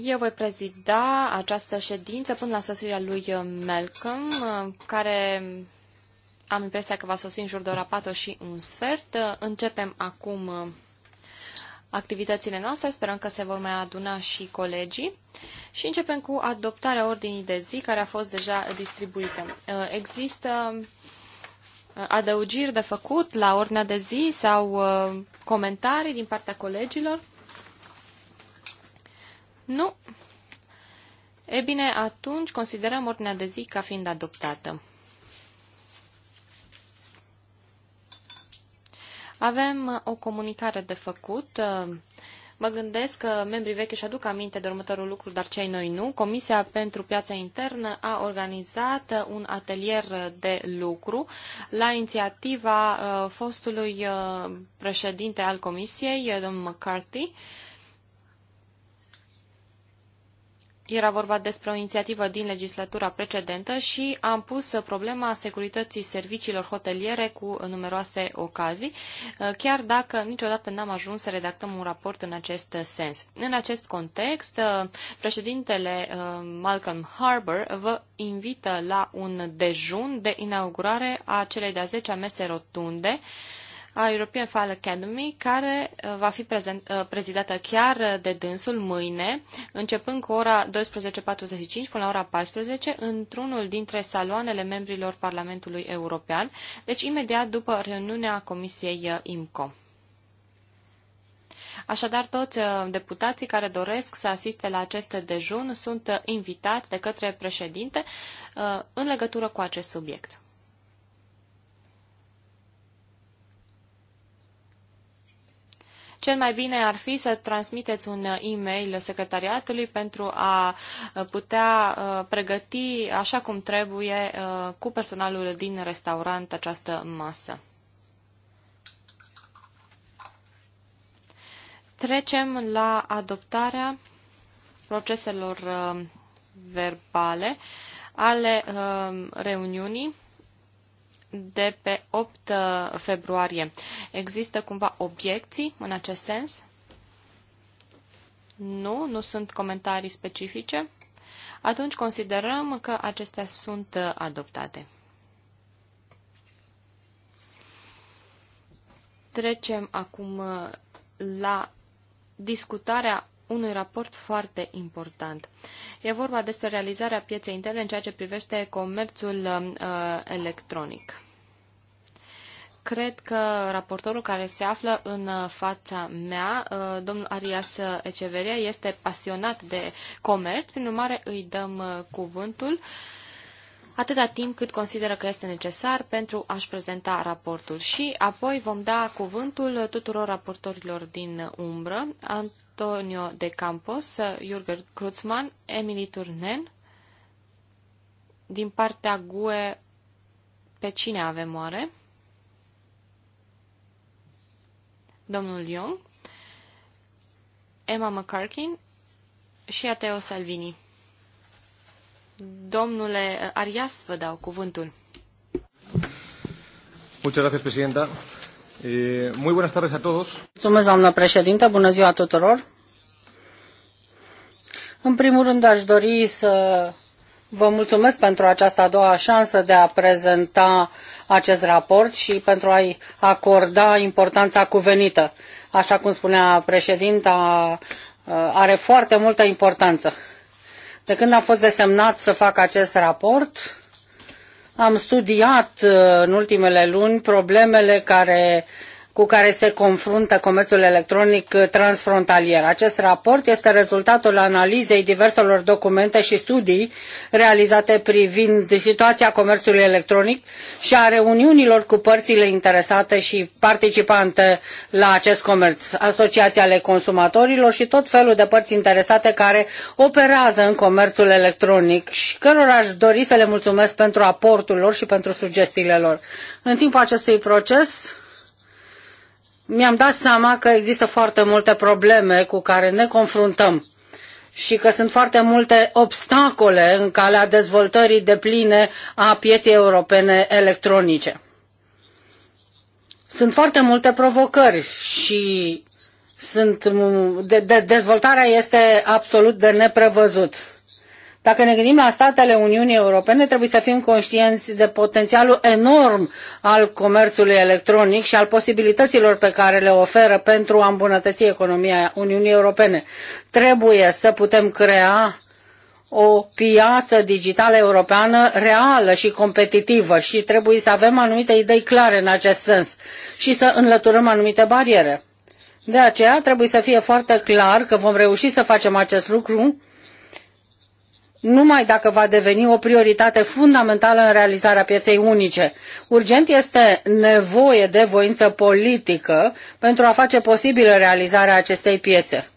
Eu voi prezida această ședință până la sosirea lui Malcolm, care am impresia că va sosi în jur de ora 4 și un sfert. Începem acum activitățile noastre, sperăm că se vor mai aduna și colegii și începem cu adoptarea ordinii de zi care a fost deja distribuită. Există adăugiri de făcut la ordinea de zi sau uh, comentarii din partea colegilor? Nu. E bine, atunci considerăm ordinea de zi ca fiind adoptată. Avem uh, o comunicare de făcut. Uh, mă gândesc că membrii vechi își aduc aminte de următorul lucru, dar cei noi nu. Comisia pentru Piața Internă a organizat uh, un atelier de lucru la inițiativa fostului președinte al Comisiei, domnul McCarthy, Era vorba despre o inițiativă din legislatura precedentă și am pus problema securității serviciilor hoteliere cu numeroase ocazii, uh, chiar dacă niciodată n-am ajuns să redactăm un raport în acest sens. În acest context, uh, președintele uh, Malcolm Harbour vă invită la un dejun de inaugurare a celei de-a 10-a mese rotunde, a European File Academy, care uh, va fi prezent, uh, prezidată chiar uh, de dânsul mâine, începând cu ora 12.45 până la ora 14, într-unul dintre saloanele membrilor Parlamentului European, deci imediat după reuniunea Comisiei IMCO. Așadar, toți deputații care doresc să asiste la acest dejun sunt invitați de către președinte în legătură cu acest subiect. Cel mai bine ar fi să transmiteți un uh, e-mail secretariatului pentru a uh, putea uh, pregăti așa cum trebuie cu personalul din restaurant această masă. Trecem la adoptarea proceselor verbale ale reuniunii de pe 8 uh, februarie. Există cumva obiecții în acest sens? Nu, nu sunt comentarii specifice. Atunci considerăm că acestea sunt uh, adoptate. Trecem acum uh, la discutarea unui raport foarte important. E vorba despre realizarea pieței interne în ceea ce privește comerțul uh, electronic. Cred că raportorul care se află în uh, fața mea, uh, domnul Arias Eceveria, este pasionat de comerț, prin urmare îi dăm uh, cuvântul atâta timp cât consideră că este necesar pentru a-și prezenta raportul și apoi vom da cuvântul tuturor raportorilor din umbră, Antonio de Campos, Jürgen Kreutzmann, Emily Turnen. Din partea GUE, pe cine avem oare? Domnul Young, Emma McCarkin și Ateo Salvini. Domnule Arias, vă dau cuvântul. Mulțumesc, președinte. Eh, muy buenas tardes a todos. Mulțumesc, doamnă președintă. Bună ziua tuturor. În primul rând, aș dori să vă mulțumesc pentru această a doua șansă de a prezenta acest raport și pentru a-i acorda importanța cuvenită. Așa cum spunea președinta, eh, are foarte multă importanță. De când am fost desemnat să fac acest raport, am studiat uh, în ultimele luni problemele care cu care se confruntă comerțul electronic transfrontalier. Acest raport este rezultatul analizei diverselor documente și studii realizate privind situația comerțului electronic și a reuniunilor cu părțile interesate și participante la acest comerț, asociații ale consumatorilor și tot felul de părți interesate care operează în comerțul electronic și cărora aș dori să le mulțumesc pentru aportul lor și pentru sugestiile lor. În timpul acestui proces, mi-am dat seama că există foarte multe probleme cu care ne confruntăm și că sunt foarte multe obstacole în calea dezvoltării depline a pieței europene electronice. Sunt foarte multe provocări și sunt, de, de, dezvoltarea este absolut de neprevăzut dacă ne gândim la statele Uniunii Europene, trebuie să fim conștienți de potențialul enorm al comerțului electronic și al posibilităților pe care le oferă pentru a îmbunătăți economia Uniunii Europene. Trebuie să putem crea o piață digitală europeană reală și competitivă și trebuie să avem anumite idei clare în acest sens și să înlăturăm anumite bariere. De aceea trebuie să fie foarte clar că vom reuși să facem acest lucru numai dacă va deveni o prioritate fundamentală în realizarea pieței unice. Urgent este nevoie de voință politică pentru a face posibilă realizarea acestei piețe.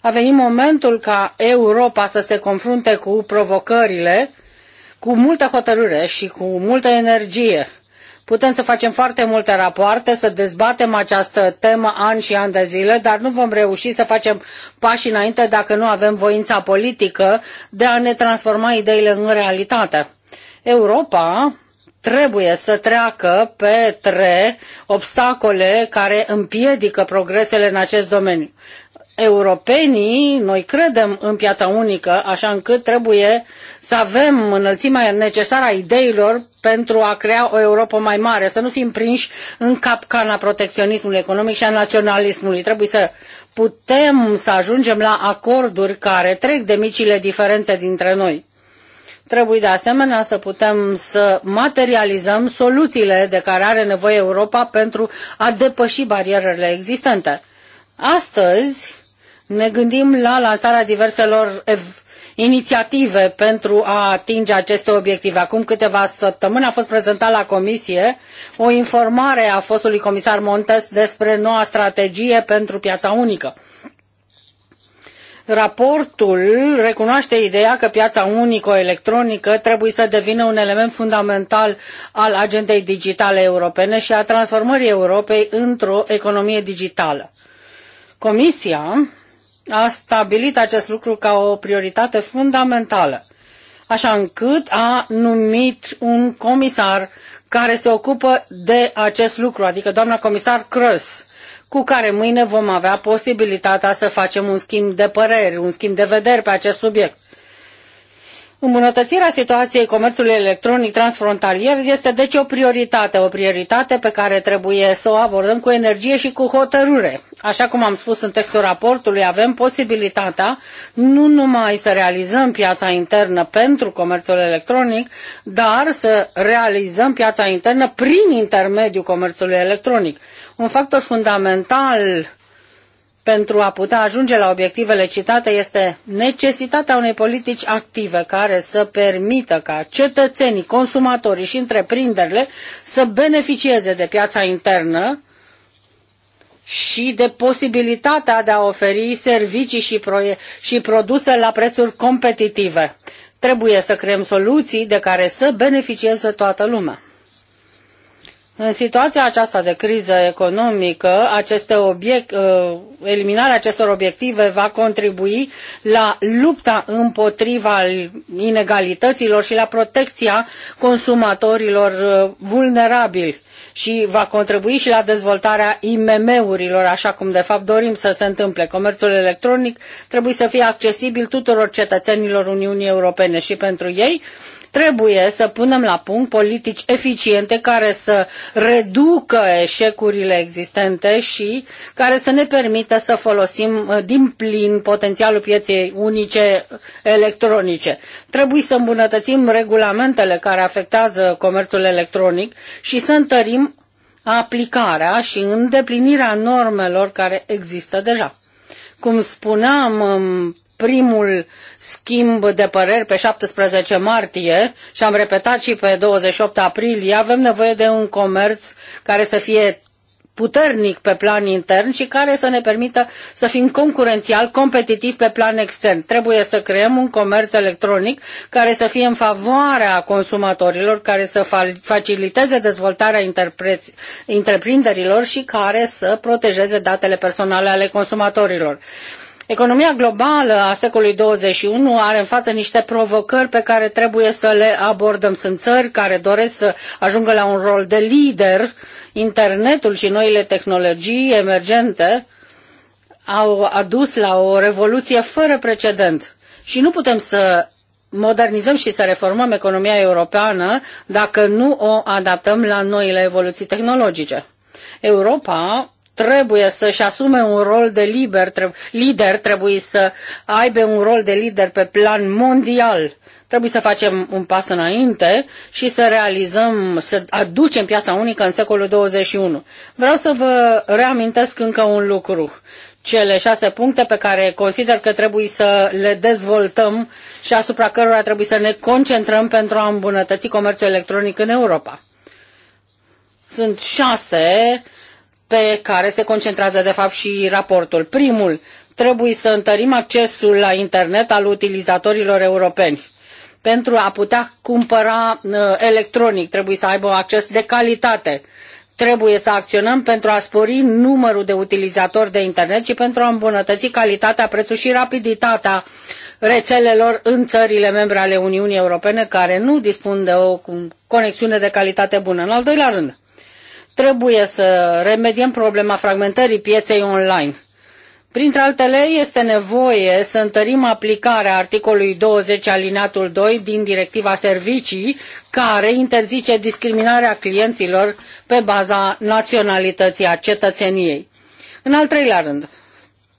A venit momentul ca Europa să se confrunte cu provocările cu multă hotărâre și cu multă energie Putem să facem foarte multe rapoarte, să dezbatem această temă ani și ani de zile, dar nu vom reuși să facem pași înainte dacă nu avem voința politică de a ne transforma ideile în realitate. Europa trebuie să treacă pe trei obstacole care împiedică progresele în acest domeniu europenii, noi credem în piața unică, așa încât trebuie să avem înălțimea necesară a ideilor pentru a crea o Europa mai mare, să nu fim prinși în capcana protecționismului economic și a naționalismului. Trebuie să putem să ajungem la acorduri care trec de micile diferențe dintre noi. Trebuie de asemenea să putem să materializăm soluțiile de care are nevoie Europa pentru a depăși barierele existente. Astăzi ne gândim la lansarea diverselor inițiative pentru a atinge aceste obiective. Acum câteva săptămâni a fost prezentat la Comisie o informare a fostului comisar Montes despre noua strategie pentru piața unică. Raportul recunoaște ideea că piața unică electronică trebuie să devină un element fundamental al agendei digitale europene și a transformării Europei într-o economie digitală. Comisia a stabilit acest lucru ca o prioritate fundamentală, așa încât a numit un comisar care se ocupă de acest lucru, adică doamna comisar Crăs, cu care mâine vom avea posibilitatea să facem un schimb de păreri, un schimb de vederi pe acest subiect. Îmbunătățirea situației comerțului electronic transfrontalier este deci o prioritate, o prioritate pe care trebuie să o abordăm cu energie și cu hotărâre. Așa cum am spus în textul raportului, avem posibilitatea nu numai să realizăm piața internă pentru comerțul electronic, dar să realizăm piața internă prin intermediul comerțului electronic. Un factor fundamental pentru a putea ajunge la obiectivele citate este necesitatea unei politici active care să permită ca cetățenii, consumatorii și întreprinderile să beneficieze de piața internă și de posibilitatea de a oferi servicii și, și produse la prețuri competitive. Trebuie să creăm soluții de care să beneficieze toată lumea. În situația aceasta de criză economică, aceste obiect, uh, eliminarea acestor obiective va contribui la lupta împotriva inegalităților și la protecția consumatorilor uh, vulnerabili și va contribui și la dezvoltarea IMM-urilor, așa cum de fapt dorim să se întâmple. Comerțul electronic trebuie să fie accesibil tuturor cetățenilor Uniunii Europene și pentru ei Trebuie să punem la punct politici eficiente care să reducă eșecurile existente și care să ne permită să folosim uh, din plin potențialul pieței unice electronice. Trebuie să îmbunătățim regulamentele care afectează comerțul electronic și să întărim aplicarea și îndeplinirea normelor care există deja. Cum spuneam în um, primul schimb de păreri pe 17 martie și am repetat și pe 28 aprilie, avem nevoie de un comerț care să fie puternic pe plan intern și care să ne permită să fim concurențial, competitiv pe plan extern. Trebuie să creăm un comerț electronic care să fie în favoarea consumatorilor, care să faciliteze dezvoltarea întreprinderilor și care să protejeze datele personale ale consumatorilor. Economia globală a secolului 21 are în față niște provocări pe care trebuie să le abordăm. Sunt țări care doresc să ajungă la un rol de lider. Internetul și noile tehnologii emergente au adus la o revoluție fără precedent. Și nu putem să modernizăm și să reformăm economia europeană dacă nu o adaptăm la noile evoluții tehnologice. Europa trebuie să-și asume un rol de liber, trebuie, lider, trebuie să aibă un rol de lider pe plan mondial. Trebuie să facem un pas înainte și să realizăm, să aducem piața unică în secolul 21. Vreau să vă reamintesc încă un lucru. Cele șase puncte pe care consider că trebuie să le dezvoltăm și asupra cărora trebuie să ne concentrăm pentru a îmbunătăți comerțul electronic în Europa. Sunt șase uh, pe care se concentrează de fapt și raportul. Primul, trebuie să întărim accesul la internet al utilizatorilor europeni. Pentru a putea cumpăra uh, electronic, trebuie să aibă acces de calitate. Trebuie să acționăm pentru a spori numărul de utilizatori de internet și pentru a îmbunătăți calitatea, prețul și rapiditatea rețelelor în țările membre ale Uniunii Europene care nu dispun de o conexiune de calitate bună. În al doilea rând, Trebuie să remediem problema fragmentării pieței online. Printre altele, este nevoie să întărim aplicarea articolului 20 alineatul 2 din Directiva Servicii, care interzice discriminarea clienților pe baza naționalității a cetățeniei. În al treilea rând,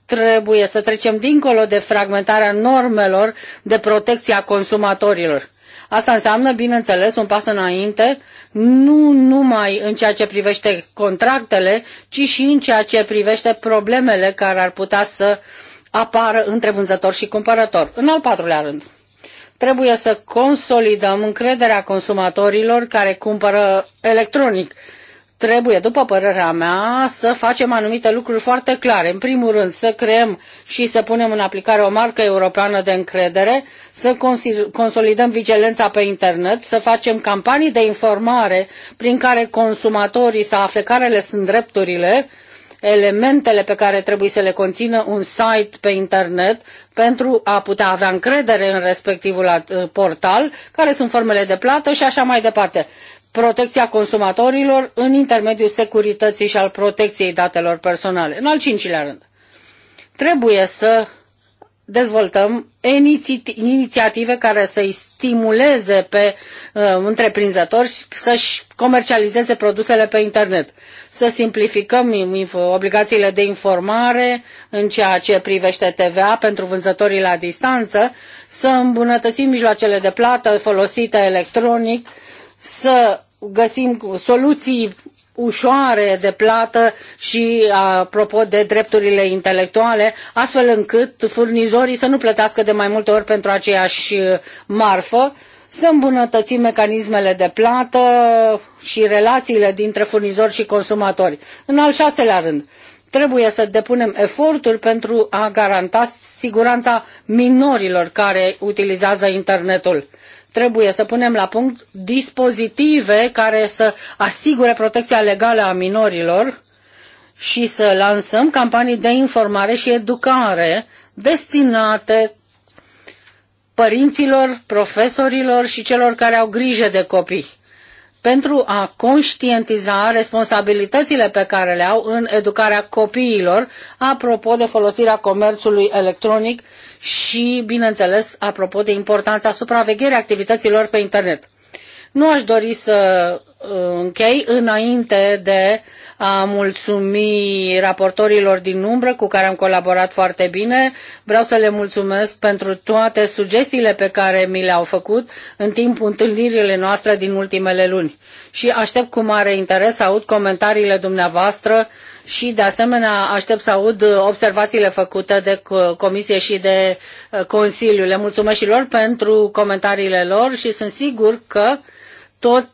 trebuie să trecem dincolo de fragmentarea normelor de protecție a consumatorilor Asta înseamnă, bineînțeles, un pas înainte, nu numai în ceea ce privește contractele, ci și în ceea ce privește problemele care ar putea să apară între vânzător și cumpărător. În al patrulea rând, trebuie să consolidăm încrederea consumatorilor care cumpără electronic trebuie, după părerea mea, să facem anumite lucruri foarte clare. În primul rând, să creăm și să punem în aplicare o marcă europeană de încredere, să consolidăm vigilența pe internet, să facem campanii de informare prin care consumatorii să afle care le sunt drepturile, elementele pe care trebuie să le conțină un site pe internet pentru a putea avea încredere în respectivul portal, care sunt formele de plată și așa mai departe protecția consumatorilor în intermediul securității și al protecției datelor personale. În al cincilea rând, trebuie să dezvoltăm inițiative care să-i stimuleze pe uh, întreprinzători să-și comercializeze produsele pe internet, să simplificăm obligațiile de informare în ceea ce privește TVA pentru vânzătorii la distanță, să îmbunătățim mijloacele de plată folosite electronic, uh, să găsim soluții ușoare de plată și apropo de drepturile intelectuale, astfel încât furnizorii să nu plătească de mai multe ori pentru aceeași uh, marfă, să îmbunătățim mecanismele de plată și relațiile dintre furnizori și consumatori. În al șaselea rând, trebuie să depunem eforturi pentru a garanta siguranța minorilor care utilizează internetul. Trebuie să punem la punct dispozitive care să asigure protecția legală a minorilor și să lansăm campanii de informare și educare destinate părinților, profesorilor și celor care au grijă de copii pentru a conștientiza responsabilitățile pe care le au în educarea copiilor, apropo de folosirea comerțului electronic și, bineînțeles, apropo de importanța supravegherii activităților pe internet. Nu aș dori să uh, închei înainte de a mulțumi raportorilor din umbră cu care am colaborat foarte bine. Vreau să le mulțumesc pentru toate sugestiile pe care mi le-au făcut în timpul întâlnirile noastre din ultimele luni. Și aștept cu mare interes să aud comentariile dumneavoastră și de asemenea aștept să aud observațiile făcute de Comisie și de uh, Consiliu. Le mulțumesc și lor pentru comentariile lor și sunt sigur că tot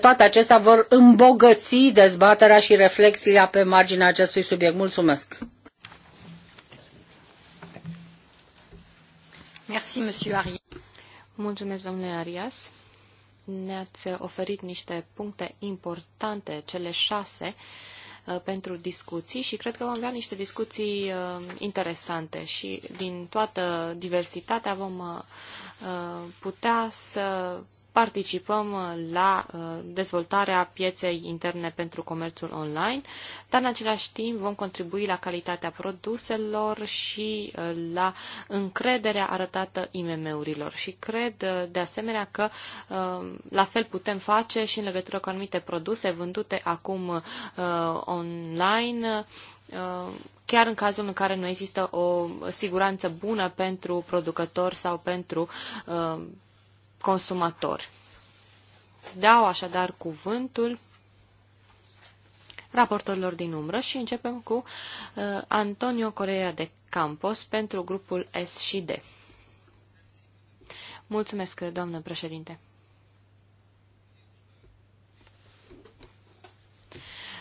toate acestea vor îmbogăți dezbaterea și reflexiile pe marginea acestui subiect. Mulțumesc! Merci, monsieur Arias. Mulțumesc, domnule Arias. Ne-ați oferit niște puncte importante, cele șase, uh, pentru discuții și cred că vom avea niște discuții uh, interesante și din toată diversitatea vom uh, putea să participăm uh, la uh, dezvoltarea pieței interne pentru comerțul online, dar în același timp vom contribui la calitatea produselor și uh, la încrederea arătată IMM-urilor. Și cred de asemenea că la fel putem face și în legătură cu anumite produse vândute acum online chiar în cazul în care nu există o siguranță bună pentru producător sau pentru uh, consumator. Dau așadar cuvântul raportorilor din umbră și începem cu uh, Antonio Correa de Campos pentru grupul S și D. Mulțumesc, doamnă președinte.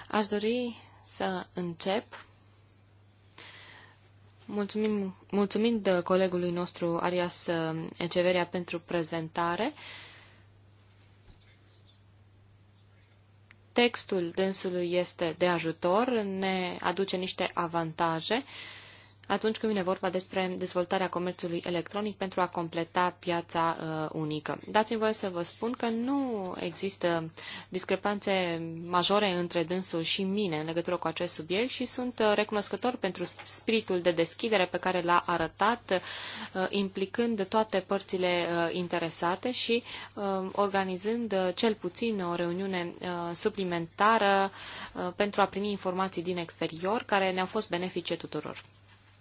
Aș dori să încep Mulțumim, mulțumind uh, colegului nostru Arias uh, Eceveria pentru prezentare. Textul dânsului este de ajutor, ne aduce niște avantaje. Uh, atunci când vine vorba despre dezvoltarea comerțului electronic pentru a completa piața uh, unică. Dați-mi voie să vă spun că nu există discrepanțe majore între dânsul și mine în legătură cu acest subiect și sunt uh, recunoscător pentru spiritul de deschidere pe care l-a arătat, uh, implicând toate părțile uh, interesate și uh, organizând uh, cel puțin o reuniune uh, suplimentară uh, pentru a primi informații din exterior care ne-au fost benefice tuturor.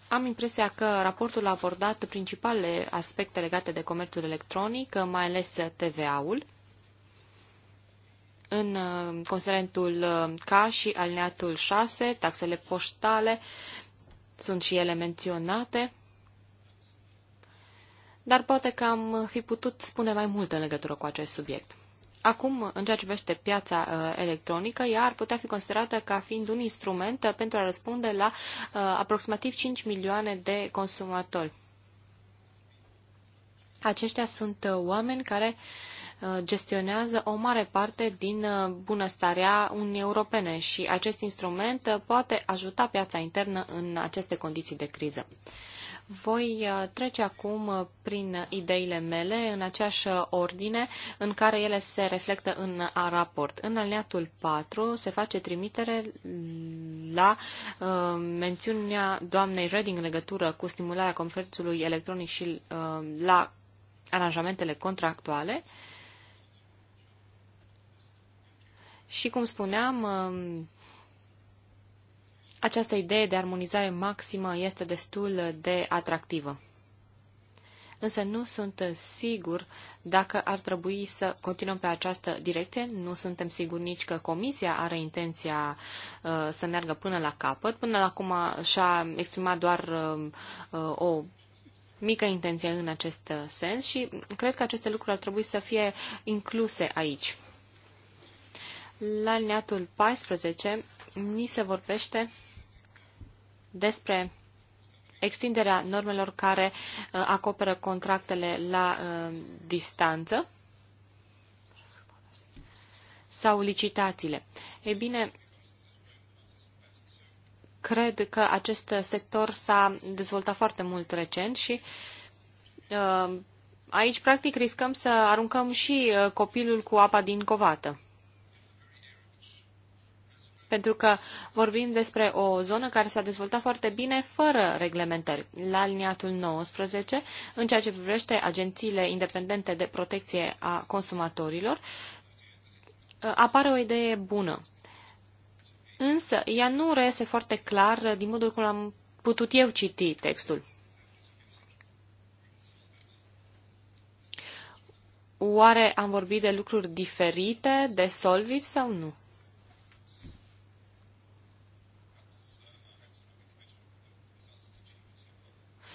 Am impresia că raportul a abordat principalele aspecte legate de comerțul electronic, mai ales TVA-ul, în uh, considerentul uh, K și alineatul 6, taxele poștale sunt și ele menționate, dar poate că am fi putut spune mai mult în legătură cu acest subiect. Acum, în ceea ce privește piața uh, electronică, ea ar putea fi considerată ca fiind un instrument uh, pentru a răspunde la uh, aproximativ 5 milioane de consumatori. Aceștia sunt uh, oameni care uh, Uh, gestionează o mare parte din uh, bunăstarea Uniunii Europene și acest instrument uh, poate ajuta piața internă în aceste condiții de criză. Voi trece acum prin ideile mele în aceeași ordine în care ele se reflectă în raport. În aliniatul 4 se face trimitere la uh, mențiunea doamnei Reding în legătură cu stimularea comerțului electronic și uh, la aranjamentele contractuale. Uh, Și, cum spuneam, um, această idee de armonizare maximă este destul de atractivă. Însă nu sunt sigur dacă ar trebui să continuăm pe această direcție. Nu suntem siguri nici că Comisia are intenția uh, să meargă până la capăt. Până la acum și-a exprimat doar um, uh, o mică intenție în acest uh, sens și cred că aceste lucruri ar trebui să fie incluse aici. La alineatul 14 ni se vorbește despre extinderea normelor care uh, acoperă contractele la uh, distanță sau licitațiile. Ei bine, cred că acest sector s-a dezvoltat foarte mult recent și uh, aici, practic, riscăm să aruncăm și copilul cu apa din covată pentru că vorbim despre o zonă care s-a dezvoltat foarte bine fără reglementări. La liniatul 19, în ceea ce privește agențiile independente de protecție a consumatorilor, apare o idee bună. Însă, ea nu reiese foarte clar din modul cum am putut eu citi textul. Oare am vorbit de lucruri diferite de Solvit sau nu?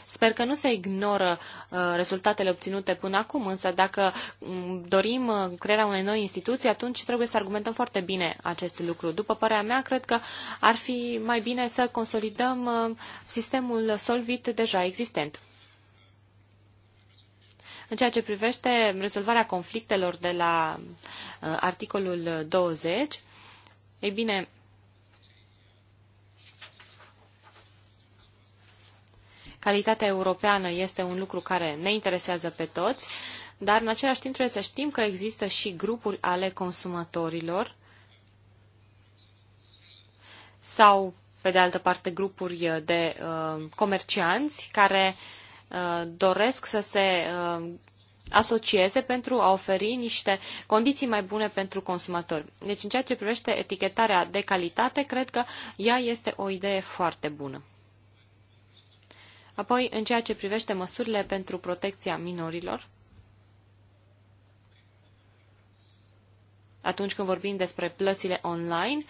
Sper că nu se ignoră uh, rezultatele obținute până acum, însă dacă mm, dorim uh, crearea unei noi instituții, atunci trebuie să argumentăm foarte bine acest lucru. După părerea mea, cred că ar fi mai bine să consolidăm uh, sistemul solvit deja existent. În ceea ce privește rezolvarea conflictelor de la articolul 20, ei bine, fiscalitatea europeană este un lucru care ne interesează pe toți, dar în același timp trebuie să știm că există și grupuri ale consumatorilor sau, pe de altă parte, grupuri de uh, comercianți care uh, doresc să se uh, asocieze pentru a oferi niște condiții mai bune pentru consumatori. Deci, în ceea ce privește etichetarea de calitate, cred că ea este o idee foarte bună. Apoi, în ceea ce privește măsurile pentru protecția minorilor, atunci când vorbim despre plățile online,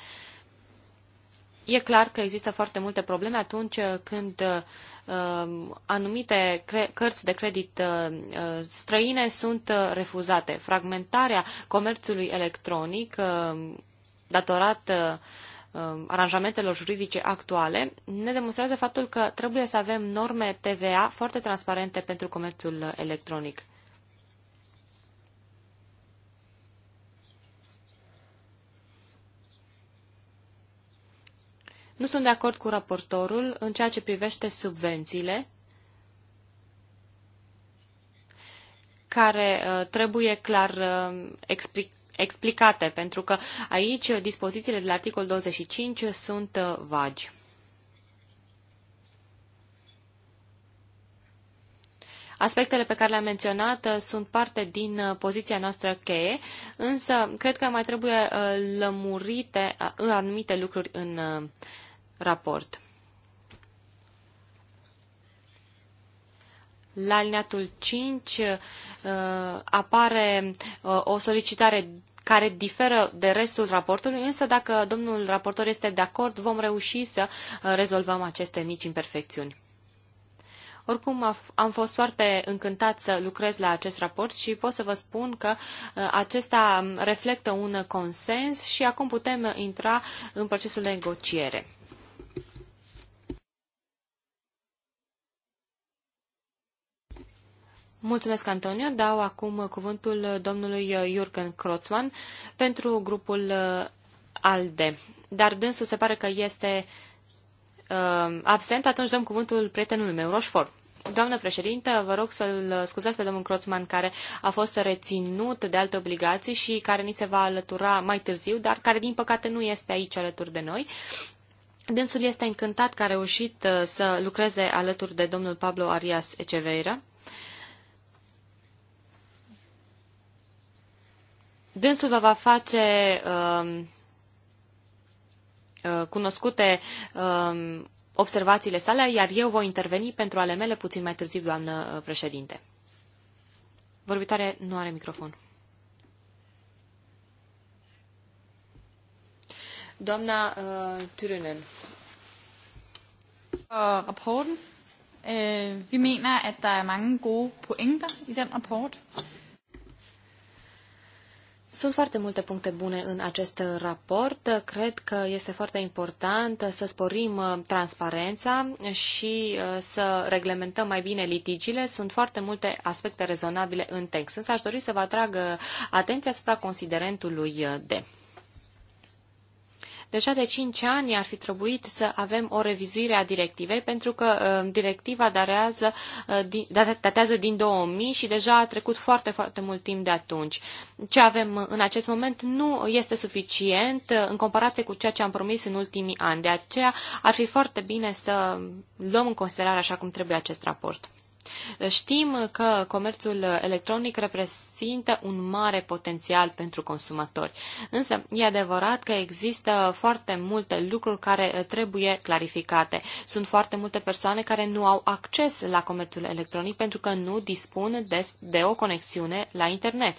e clar că există foarte multe probleme atunci când uh, anumite cărți de credit uh, uh, străine sunt uh, refuzate. Fragmentarea comerțului electronic uh, datorat uh, Um, aranjamentelor juridice actuale ne demonstrează faptul că trebuie să avem norme TVA foarte transparente pentru comerțul electronic. Nu sunt de acord cu raportorul în ceea ce privește subvențiile care uh, trebuie clar uh, explic explicate, pentru că aici dispozițiile de la articol 25 sunt uh, vagi. Aspectele pe care le-am menționat uh, sunt parte din uh, poziția noastră cheie, însă cred că mai trebuie lămurite anumite lucruri în raport. La alineatul 5 apare o solicitare care diferă de restul raportului, însă dacă domnul raportor este de acord, vom reuși să uh, rezolvăm aceste mici imperfecțiuni. Oricum, am fost foarte încântat să lucrez la acest raport și pot să vă spun că uh, acesta um, reflectă un consens și acum putem uh, intra în procesul de negociere. Mulțumesc, Antonio. Dau acum cuvântul domnului Jürgen Kroțman pentru grupul uh, ALDE. Dar dânsul se pare că este uh, absent, atunci dăm cuvântul prietenului meu, Roșfort. Doamnă președintă, vă rog să-l scuzați pe domnul Croțman care a fost reținut de alte obligații și care ni se va alătura mai târziu, dar care din păcate nu este aici alături de noi. Dânsul este încântat că a reușit uh, să lucreze alături de domnul Pablo Arias Eceveira Dânsul vă va face uh, uh, cunoscute uh, observațiile sale, iar eu voi interveni pentru ale mele puțin mai târziu, doamnă uh, președinte. Vorbitoare nu are microfon. Doamna uh, Turunen. Uh, rapporten. Uh, vi mener, at der er mange gode pointer i den rapport. Uh, sunt foarte multe puncte bune în acest raport. Cred că este foarte important să sporim uh, transparența și uh, să reglementăm mai bine litigiile. Sunt foarte multe aspecte rezonabile în text, însă aș dori să vă atrag uh, atenția asupra considerentului D. Deja de 5 ani ar fi trebuit să avem o revizuire a directivei, pentru că uh, directiva darează, uh, datează din 2000 și deja a trecut foarte, foarte mult timp de atunci. Ce avem uh, în acest moment nu este suficient în comparație cu ceea ce am promis în ultimii ani. De aceea ar fi foarte bine să luăm în considerare așa cum trebuie acest raport. Știm că comerțul electronic reprezintă un mare potențial pentru consumatori, însă e adevărat că există foarte multe lucruri care uh, trebuie clarificate. Sunt foarte multe persoane care nu au acces la comerțul electronic pentru că nu dispun de, de o conexiune la internet.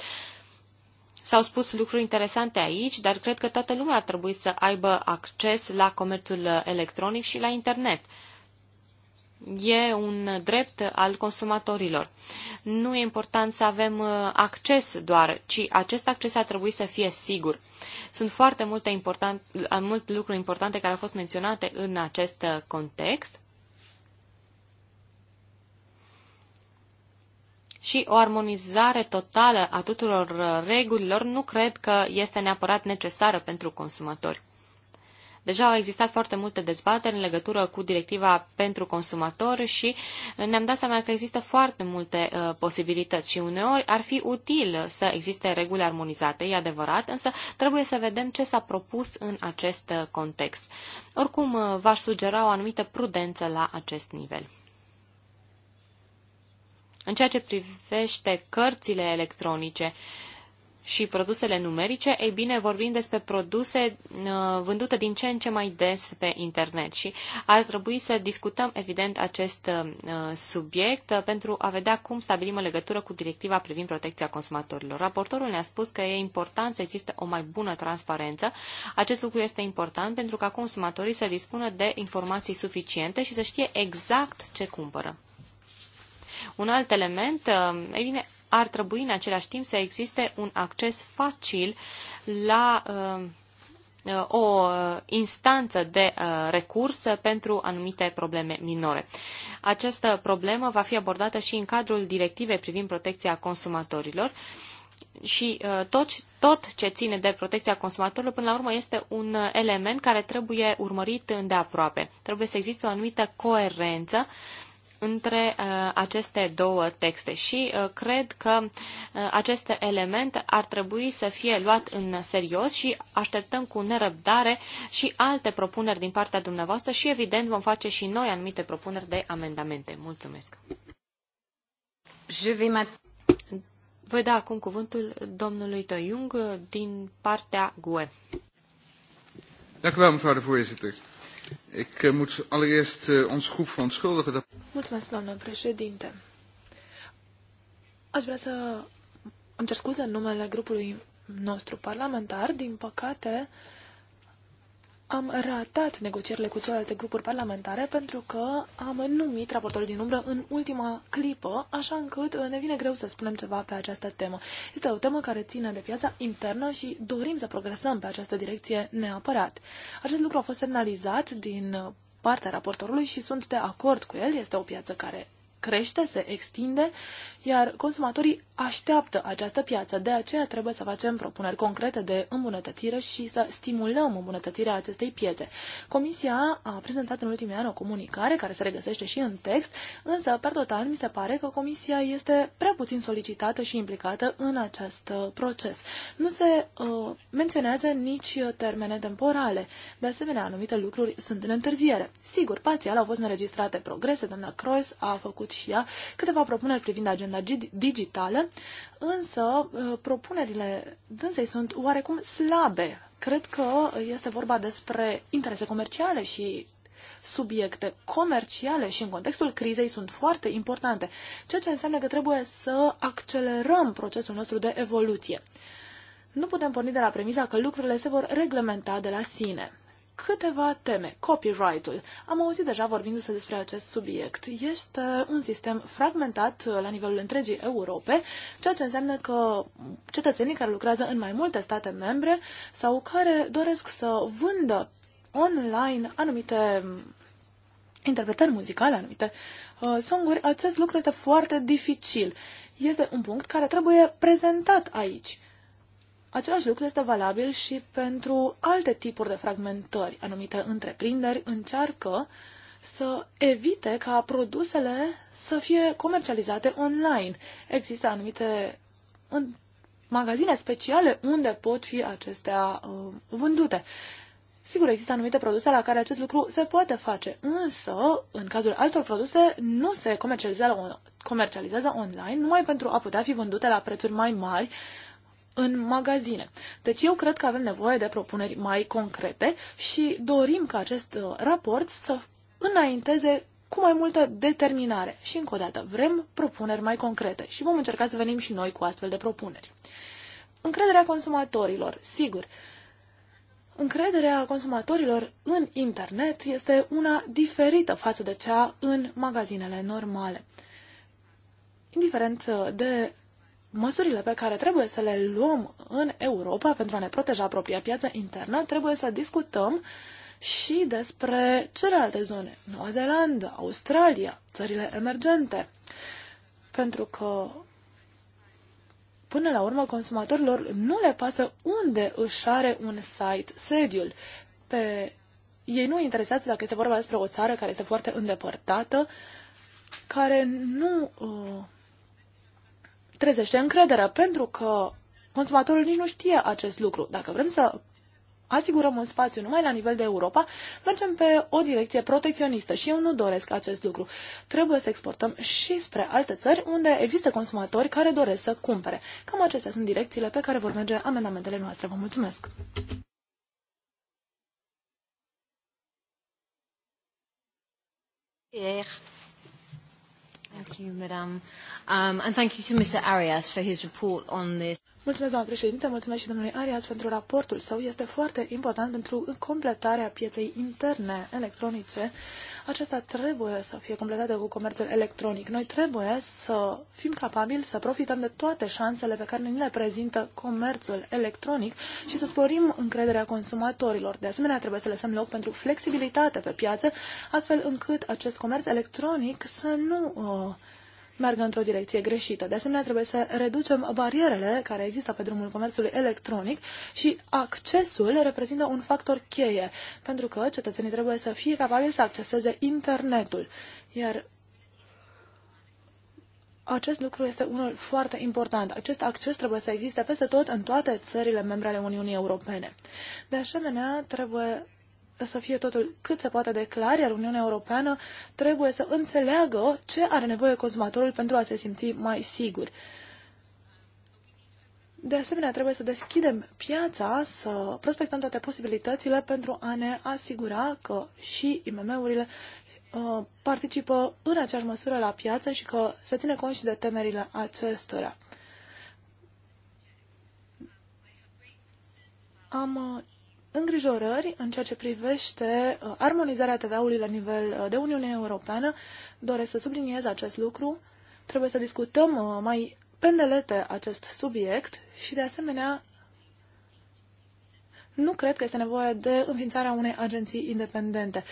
S-au spus lucruri interesante aici, dar cred că toată lumea ar trebui să aibă acces la comerțul uh, electronic și la internet. E un drept al consumatorilor. Nu e important să avem uh, acces doar, ci acest acces ar trebui să fie sigur. Sunt foarte multe, important, uh, multe lucruri importante care au fost menționate în acest uh, context. și o armonizare totală a tuturor regulilor nu cred că este neapărat necesară pentru consumatori. Deja au existat foarte multe dezbateri în legătură cu directiva pentru consumatori și ne-am dat seama că există foarte multe uh, posibilități și uneori ar fi util să existe reguli armonizate, e adevărat, însă trebuie să vedem ce s-a propus în acest uh, context. Oricum, uh, v-aș sugera o anumită prudență la acest nivel. În ceea ce privește cărțile electronice, uh, și produsele numerice, ei bine, vorbim despre produse uh, vândute din ce în ce mai des pe internet și ar trebui să discutăm, evident, acest uh, subiect uh, pentru a vedea cum stabilim o legătură cu directiva privind protecția consumatorilor. Raportorul ne-a spus că e important să existe o mai bună transparență. Acest lucru este important pentru ca consumatorii să dispună de informații suficiente și să știe exact ce cumpără. Un alt element, ei bine, ar trebui în același timp să existe un acces facil la uh, uh, o instanță de uh, recurs pentru anumite probleme minore. Această problemă va fi abordată și în cadrul directivei privind protecția consumatorilor și tot, tot ce ține de protecția consumatorilor, până la urmă, este un element care trebuie urmărit îndeaproape. Trebuie să existe o anumită coerență uh, între uh, aceste două texte și uh, cred că uh, acest element ar trebui să fie luat în serios și așteptăm cu nerăbdare și alte propuneri din partea dumneavoastră și evident vom face și noi anumite propuneri de amendamente. Mulțumesc! Voi da acum cuvântul domnului Tăiung din partea GUE. Dacă v-am, Ik eh, moet allereerst uh, ons groep verontschuldigen. Mulțumesc, doamnă președinte. Aș vrea să îmi cer scuze în numele grupului nostru parlamentar. Din păcate, uh, am ratat negocierile cu celelalte grupuri parlamentare pentru că am numit raportorul din umbră în ultima clipă, așa încât uh, ne vine greu să spunem ceva pe această temă. Este o temă care ține de piața internă și dorim să progresăm pe această direcție neapărat. Acest lucru a fost semnalizat din uh, partea raportorului și sunt de acord cu el. Este o piață care crește, se extinde, iar consumatorii așteaptă această piață. De aceea trebuie să facem propuneri concrete de îmbunătățire și să stimulăm îmbunătățirea acestei piețe. Comisia a prezentat în ultimii ani o comunicare care se regăsește și în text, însă, per total, mi se pare că Comisia este prea puțin solicitată și implicată în acest uh, proces. Nu se uh, menționează nici termene temporale. De asemenea, anumite lucruri sunt în întârziere. Sigur, parțial au fost înregistrate progrese, doamna Croes a făcut făcut și ea câteva propuneri privind agenda digitală, însă uh, propunerile dânsei sunt oarecum slabe. Cred că este vorba despre interese comerciale și subiecte comerciale și în contextul crizei sunt foarte importante, ceea ce înseamnă că trebuie să accelerăm procesul nostru de evoluție. Nu putem porni de la premisa că lucrurile se vor reglementa de la sine câteva teme. Copyright-ul. Am auzit deja vorbindu-se despre acest subiect. Este un sistem fragmentat uh, la nivelul întregii Europe, ceea ce înseamnă că cetățenii care lucrează în mai multe state membre sau care doresc să vândă online anumite mm, interpretări muzicale, anumite uh, songuri, acest lucru este foarte dificil. Este un punct care trebuie prezentat aici. Același lucru este valabil și pentru alte tipuri de fragmentări. Anumite întreprinderi încearcă să evite ca produsele să fie comercializate online. Există anumite magazine speciale unde pot fi acestea uh, vândute. Sigur, există anumite produse la care acest lucru se poate face, însă, în cazul altor produse, nu se comercializează, comercializează online numai pentru a putea fi vândute la prețuri mai mari în magazine. Deci eu cred că avem nevoie de propuneri mai concrete și dorim ca acest uh, raport să înainteze cu mai multă determinare. Și încă o dată, vrem propuneri mai concrete și vom încerca să venim și noi cu astfel de propuneri. Încrederea consumatorilor, sigur. Încrederea consumatorilor în internet este una diferită față de cea în magazinele normale. Indiferent uh, de măsurile pe care trebuie să le luăm în Europa pentru a ne proteja propria piață internă, trebuie să discutăm și despre celelalte zone, Noua Zeelandă, Australia, țările emergente. Pentru că Până la urmă, consumatorilor nu le pasă unde își are un site sediul. Pe... Ei nu interesează dacă este vorba despre o țară care este foarte îndepărtată, care nu uh, trezește încrederea, pentru că consumatorul nici nu știe acest lucru. Dacă vrem să asigurăm un spațiu numai la nivel de Europa, mergem pe o direcție protecționistă și eu nu doresc acest lucru. Trebuie să exportăm și spre alte țări unde există consumatori care doresc să cumpere. Cam acestea sunt direcțiile pe care vor merge amendamentele noastre. Vă mulțumesc! Yeah. Thank you, madam. Um, and thank you to Mr. Arias for his report on this. Mulțumesc, doamna președinte, mulțumesc și domnului Arias pentru raportul său. Este foarte important pentru completarea pieței interne electronice aceasta trebuie să fie completată cu comerțul electronic. Noi trebuie să fim capabili să profităm de toate șansele pe care ne le prezintă comerțul electronic și să sporim încrederea consumatorilor. De asemenea, trebuie să lăsăm loc pentru flexibilitate pe piață, astfel încât acest comerț electronic să nu uh, meargă într-o direcție greșită. De asemenea, trebuie să reducem barierele care există pe drumul comerțului electronic și accesul reprezintă un factor cheie, pentru că cetățenii trebuie să fie capabili să acceseze internetul. Iar acest lucru este unul foarte important. Acest acces trebuie să existe peste tot în toate țările membre ale Uniunii Europene. De asemenea, trebuie să fie totul cât se poate de clar, iar Uniunea Europeană trebuie să înțeleagă ce are nevoie consumatorul pentru a se simți mai sigur. De asemenea, trebuie să deschidem piața, să prospectăm toate posibilitățile pentru a ne asigura că și IMM-urile uh, participă în aceeași măsură la piață și că se ține cont și de temerile acestora. Am uh, îngrijorări în ceea ce privește uh, armonizarea TVA-ului la nivel uh, de Uniune Europeană. Doresc să subliniez acest lucru. Trebuie să discutăm uh, mai pendelete acest subiect și, de asemenea, nu cred că este nevoie de înființarea unei agenții independente.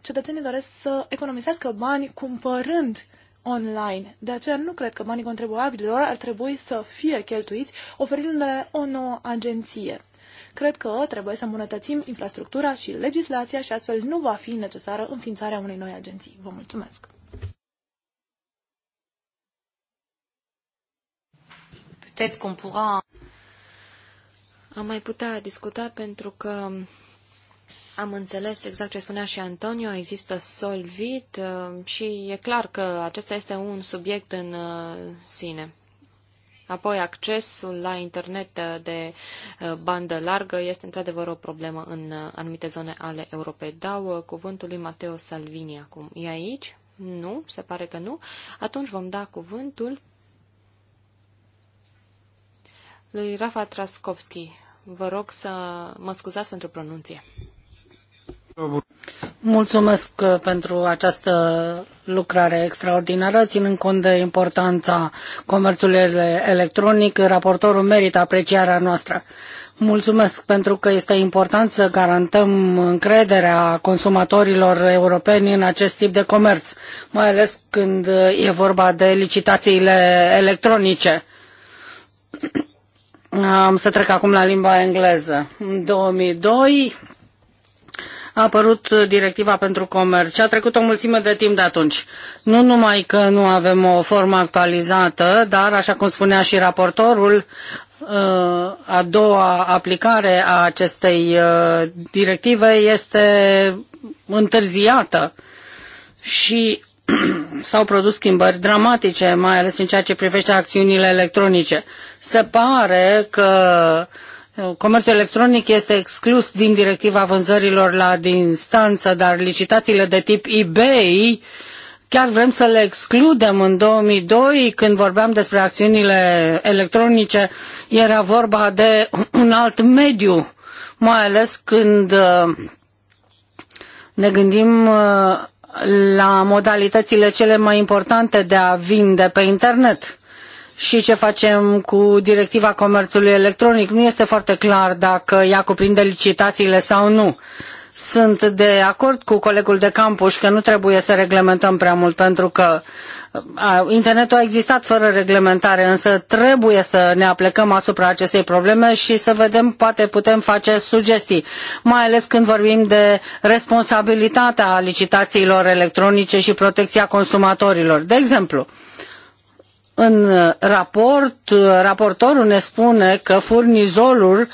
Cetățenii doresc să economisească bani cumpărând online. De aceea nu cred că banii contribuabililor ar trebui să fie cheltuiți oferindu-le o nouă agenție. Cred că trebuie să îmbunătățim infrastructura și legislația și astfel nu va fi necesară înființarea unei noi agenții. Vă mulțumesc! Am mai putea discuta pentru că am înțeles exact ce spunea și Antonio, există solvit uh, și e clar că acesta este un subiect în uh, sine. Apoi, accesul la internet de eh, bandă largă este într-adevăr o problemă în eh, anumite zone ale Europei. Dau eh, cuvântul lui Matteo Salvini acum. E aici? Nu, se pare că nu. Atunci vom da cuvântul lui Rafa Traskovski. Vă rog să mă scuzați pentru pronunție. Mulțumesc uh, pentru această lucrare extraordinară, ținând cont de importanța comerțului electronic. Raportorul merită aprecierea noastră. Mulțumesc pentru că este important să garantăm încrederea consumatorilor europeni în acest tip de comerț, mai ales când e vorba de licitațiile electronice. Am să trec acum la limba engleză. În 2002, a apărut uh, directiva pentru comerț și a trecut o mulțime de timp de atunci. Nu numai că nu avem o formă actualizată, dar, așa cum spunea și raportorul, uh, a doua aplicare a acestei uh, directive este întârziată și s-au produs schimbări dramatice, mai ales în ceea ce privește acțiunile electronice. Se pare că uh, Comerțul electronic este exclus din directiva vânzărilor la distanță, dar licitațiile de tip eBay chiar vrem să le excludem în 2002 când vorbeam despre acțiunile electronice, era vorba de un alt mediu, mai ales când uh, ne gândim uh, la modalitățile cele mai importante de a vinde pe internet și ce facem cu directiva comerțului electronic. Nu este foarte clar dacă ea cuprinde licitațiile sau nu. Sunt de acord cu colegul de campus că nu trebuie să reglementăm prea mult pentru că internetul a existat fără reglementare, însă trebuie să ne aplecăm asupra acestei probleme și să vedem, poate putem face sugestii, mai ales când vorbim de responsabilitatea licitațiilor electronice și protecția consumatorilor. De exemplu, în uh, raport, uh, raportorul ne spune că furnizorul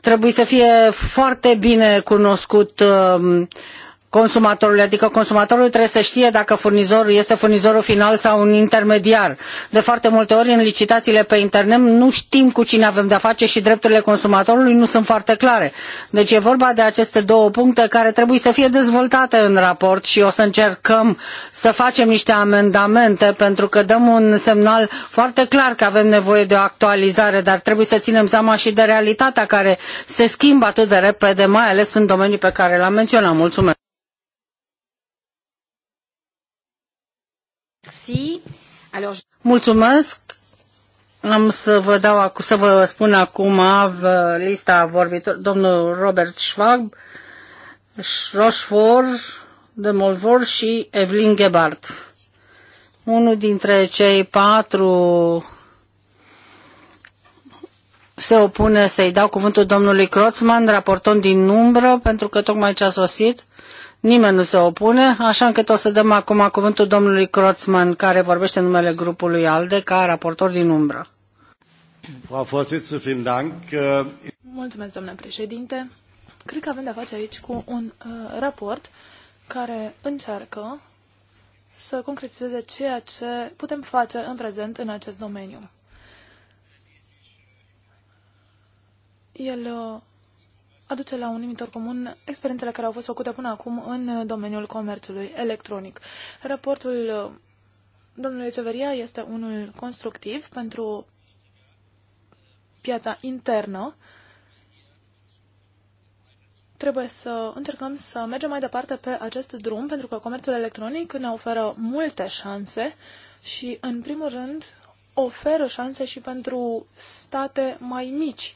trebuie să fie foarte bine cunoscut um, consumatorului, adică consumatorul trebuie să știe dacă furnizorul este furnizorul final sau un intermediar. De foarte multe ori în licitațiile pe internet nu știm cu cine avem de-a face și drepturile consumatorului nu sunt foarte clare. Deci e vorba de aceste două puncte care trebuie să fie dezvoltate în raport și o să încercăm să facem niște amendamente pentru că dăm un semnal foarte clar că avem nevoie de o actualizare, dar trebuie să ținem seama și de realitatea care se schimbă atât de repede, mai ales în domenii pe care l-am menționat. Mulțumesc! Merci. Alors... Mulțumesc. Am să vă, dau, să vă spun acum lista vorbitor, domnul Robert Schwab, Rochefort, de Molvor și Evelyn Gebhardt. Unul dintre cei patru se opune să-i dau cuvântul domnului Croțman, raportor din umbră, pentru că tocmai ce a sosit. Nimeni nu se opune, așa încât o să dăm acum cuvântul domnului Croțman, care vorbește în numele grupului ALDE, ca raportor din umbră. Mulțumesc, domnule președinte. Cred că avem de-a face aici cu un uh, raport care încearcă să concretizeze ceea ce putem face în prezent în acest domeniu. El uh, aduce la un numitor comun experiențele care au fost făcute până acum în domeniul comerțului electronic. Raportul uh, domnului Ceveria este unul constructiv pentru piața internă. Trebuie să încercăm să mergem mai departe pe acest drum, pentru că comerțul electronic ne oferă multe șanse și, în primul rând, oferă șanse și pentru state mai mici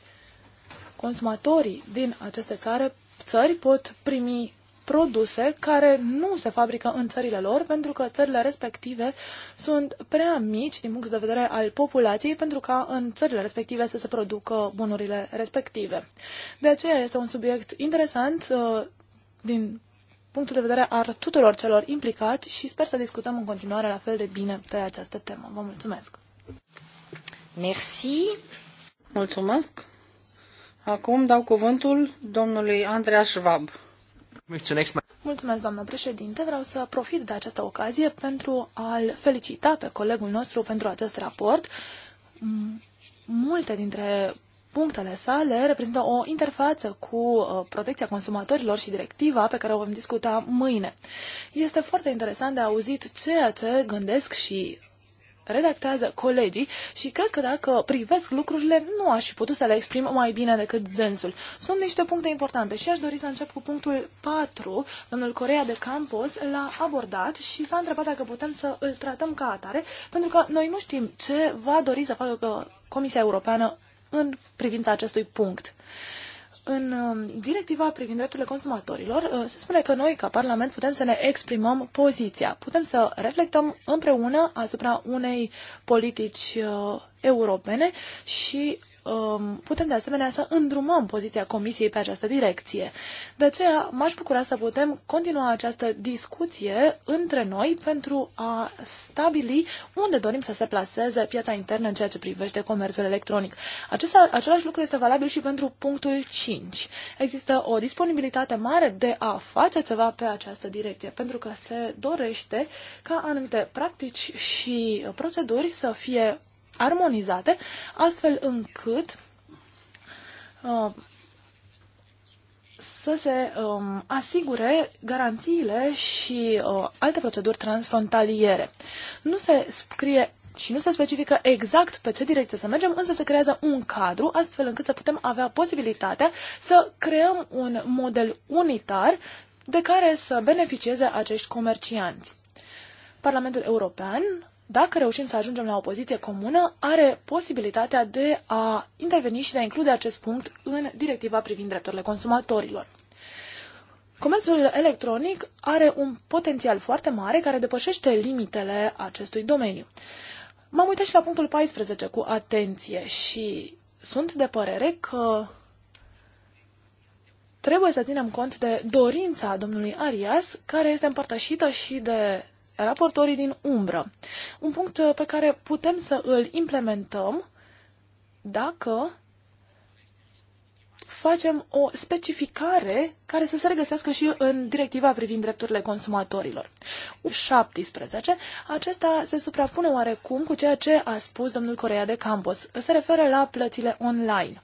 consumatorii din aceste țară, țări pot primi produse care nu se fabrică în țările lor, pentru că țările respective sunt prea mici din punct de vedere al populației, pentru ca în țările respective să se producă bunurile respective. De aceea este un subiect interesant uh, din punctul de vedere al tuturor celor implicați și sper să discutăm în continuare la fel de bine pe această temă. Vă mulțumesc! Merci! Mulțumesc! Acum dau cuvântul domnului Andreas Schwab. Mulțumesc, doamnă președinte. Vreau să profit de această ocazie pentru a-l felicita pe colegul nostru pentru acest raport. Multe dintre punctele sale reprezintă o interfață cu uh, protecția consumatorilor și directiva pe care o vom discuta mâine. Este foarte interesant de auzit ceea ce gândesc și redactează colegii și cred că dacă privesc lucrurile, nu aș fi putut să le exprim mai bine decât zensul. Sunt niște puncte importante și aș dori să încep cu punctul 4. Domnul Corea de Campos l-a abordat și s-a întrebat dacă putem să îl tratăm ca atare, pentru că noi nu știm ce va dori să facă Comisia Europeană în privința acestui punct în um, directiva privind drepturile consumatorilor uh, se spune că noi, ca Parlament, putem să ne exprimăm poziția. Putem să reflectăm împreună asupra unei politici uh, europene și um, putem de asemenea să îndrumăm poziția Comisiei pe această direcție. De aceea m-aș bucura să putem continua această discuție între noi pentru a stabili unde dorim să se placeze piața internă în ceea ce privește comerțul electronic. Acesta, același lucru este valabil și pentru punctul 5. Există o disponibilitate mare de a face ceva pe această direcție, pentru că se dorește ca anumite practici și proceduri să fie armonizate, astfel încât uh, să se um, asigure garanțiile și uh, alte proceduri transfrontaliere. Nu se scrie și nu se specifică exact pe ce direcție să mergem, însă se creează un cadru astfel încât să putem avea posibilitatea să creăm un model unitar de care să beneficieze acești comercianți. Parlamentul European dacă reușim să ajungem la o poziție comună, are posibilitatea de a interveni și de a include acest punct în directiva privind drepturile consumatorilor. Comerțul electronic are un potențial foarte mare care depășește limitele acestui domeniu. M-am uitat și la punctul 14 cu atenție și sunt de părere că trebuie să ținem cont de dorința domnului Arias, care este împărtășită și de raportorii din umbră. Un punct uh, pe care putem să îl implementăm dacă facem o specificare care să se regăsească și în directiva privind drepturile consumatorilor. 17. Acesta se suprapune oarecum cu ceea ce a spus domnul Corea de Campos. Se referă la plățile online.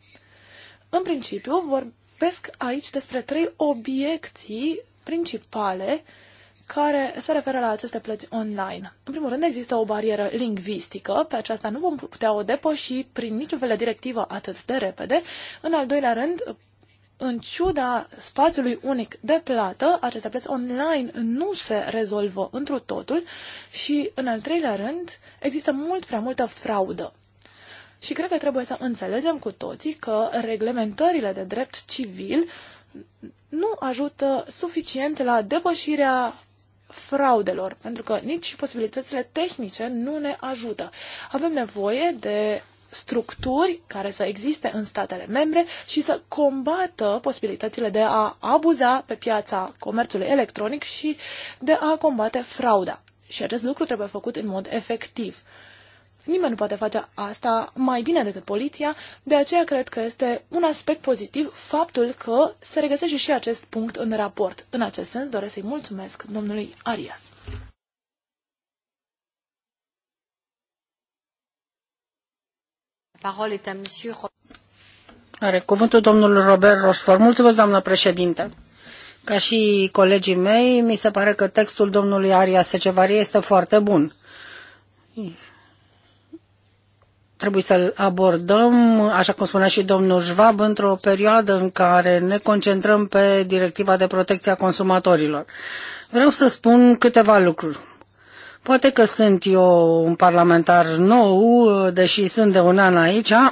În principiu, vorbesc aici despre trei obiecții principale uh, care se referă la aceste plăți online. În primul rând, există o barieră lingvistică, pe aceasta nu vom putea o depăși prin niciun fel de directivă atât de repede. În al doilea rând, în ciuda spațiului unic de plată, aceste plăți online nu se rezolvă întru totul și, în al treilea rând, există mult prea multă fraudă. Și cred că trebuie să înțelegem cu toții că reglementările de drept civil nu ajută suficient la depășirea fraudelor, pentru că nici posibilitățile tehnice nu ne ajută. Avem nevoie de structuri care să existe în statele membre și să combată posibilitățile de a abuza pe piața comerțului electronic și de a combate frauda. Și acest lucru trebuie făcut în mod efectiv. Nimeni nu poate face asta mai bine decât poliția, de aceea cred că este un aspect pozitiv faptul că se regăsește și acest punct în raport. În acest sens doresc să-i mulțumesc domnului Arias. Are cuvântul domnul Robert Rochefort. Mulțumesc, doamnă președinte. Ca și colegii mei, mi se pare că textul domnului Arias Secevarie este foarte bun trebuie să-l abordăm, așa cum spunea și domnul Schwab, într-o perioadă în care ne concentrăm pe directiva de protecție a consumatorilor. Vreau să spun câteva lucruri. Poate că sunt eu un parlamentar nou, deși sunt de un an aici,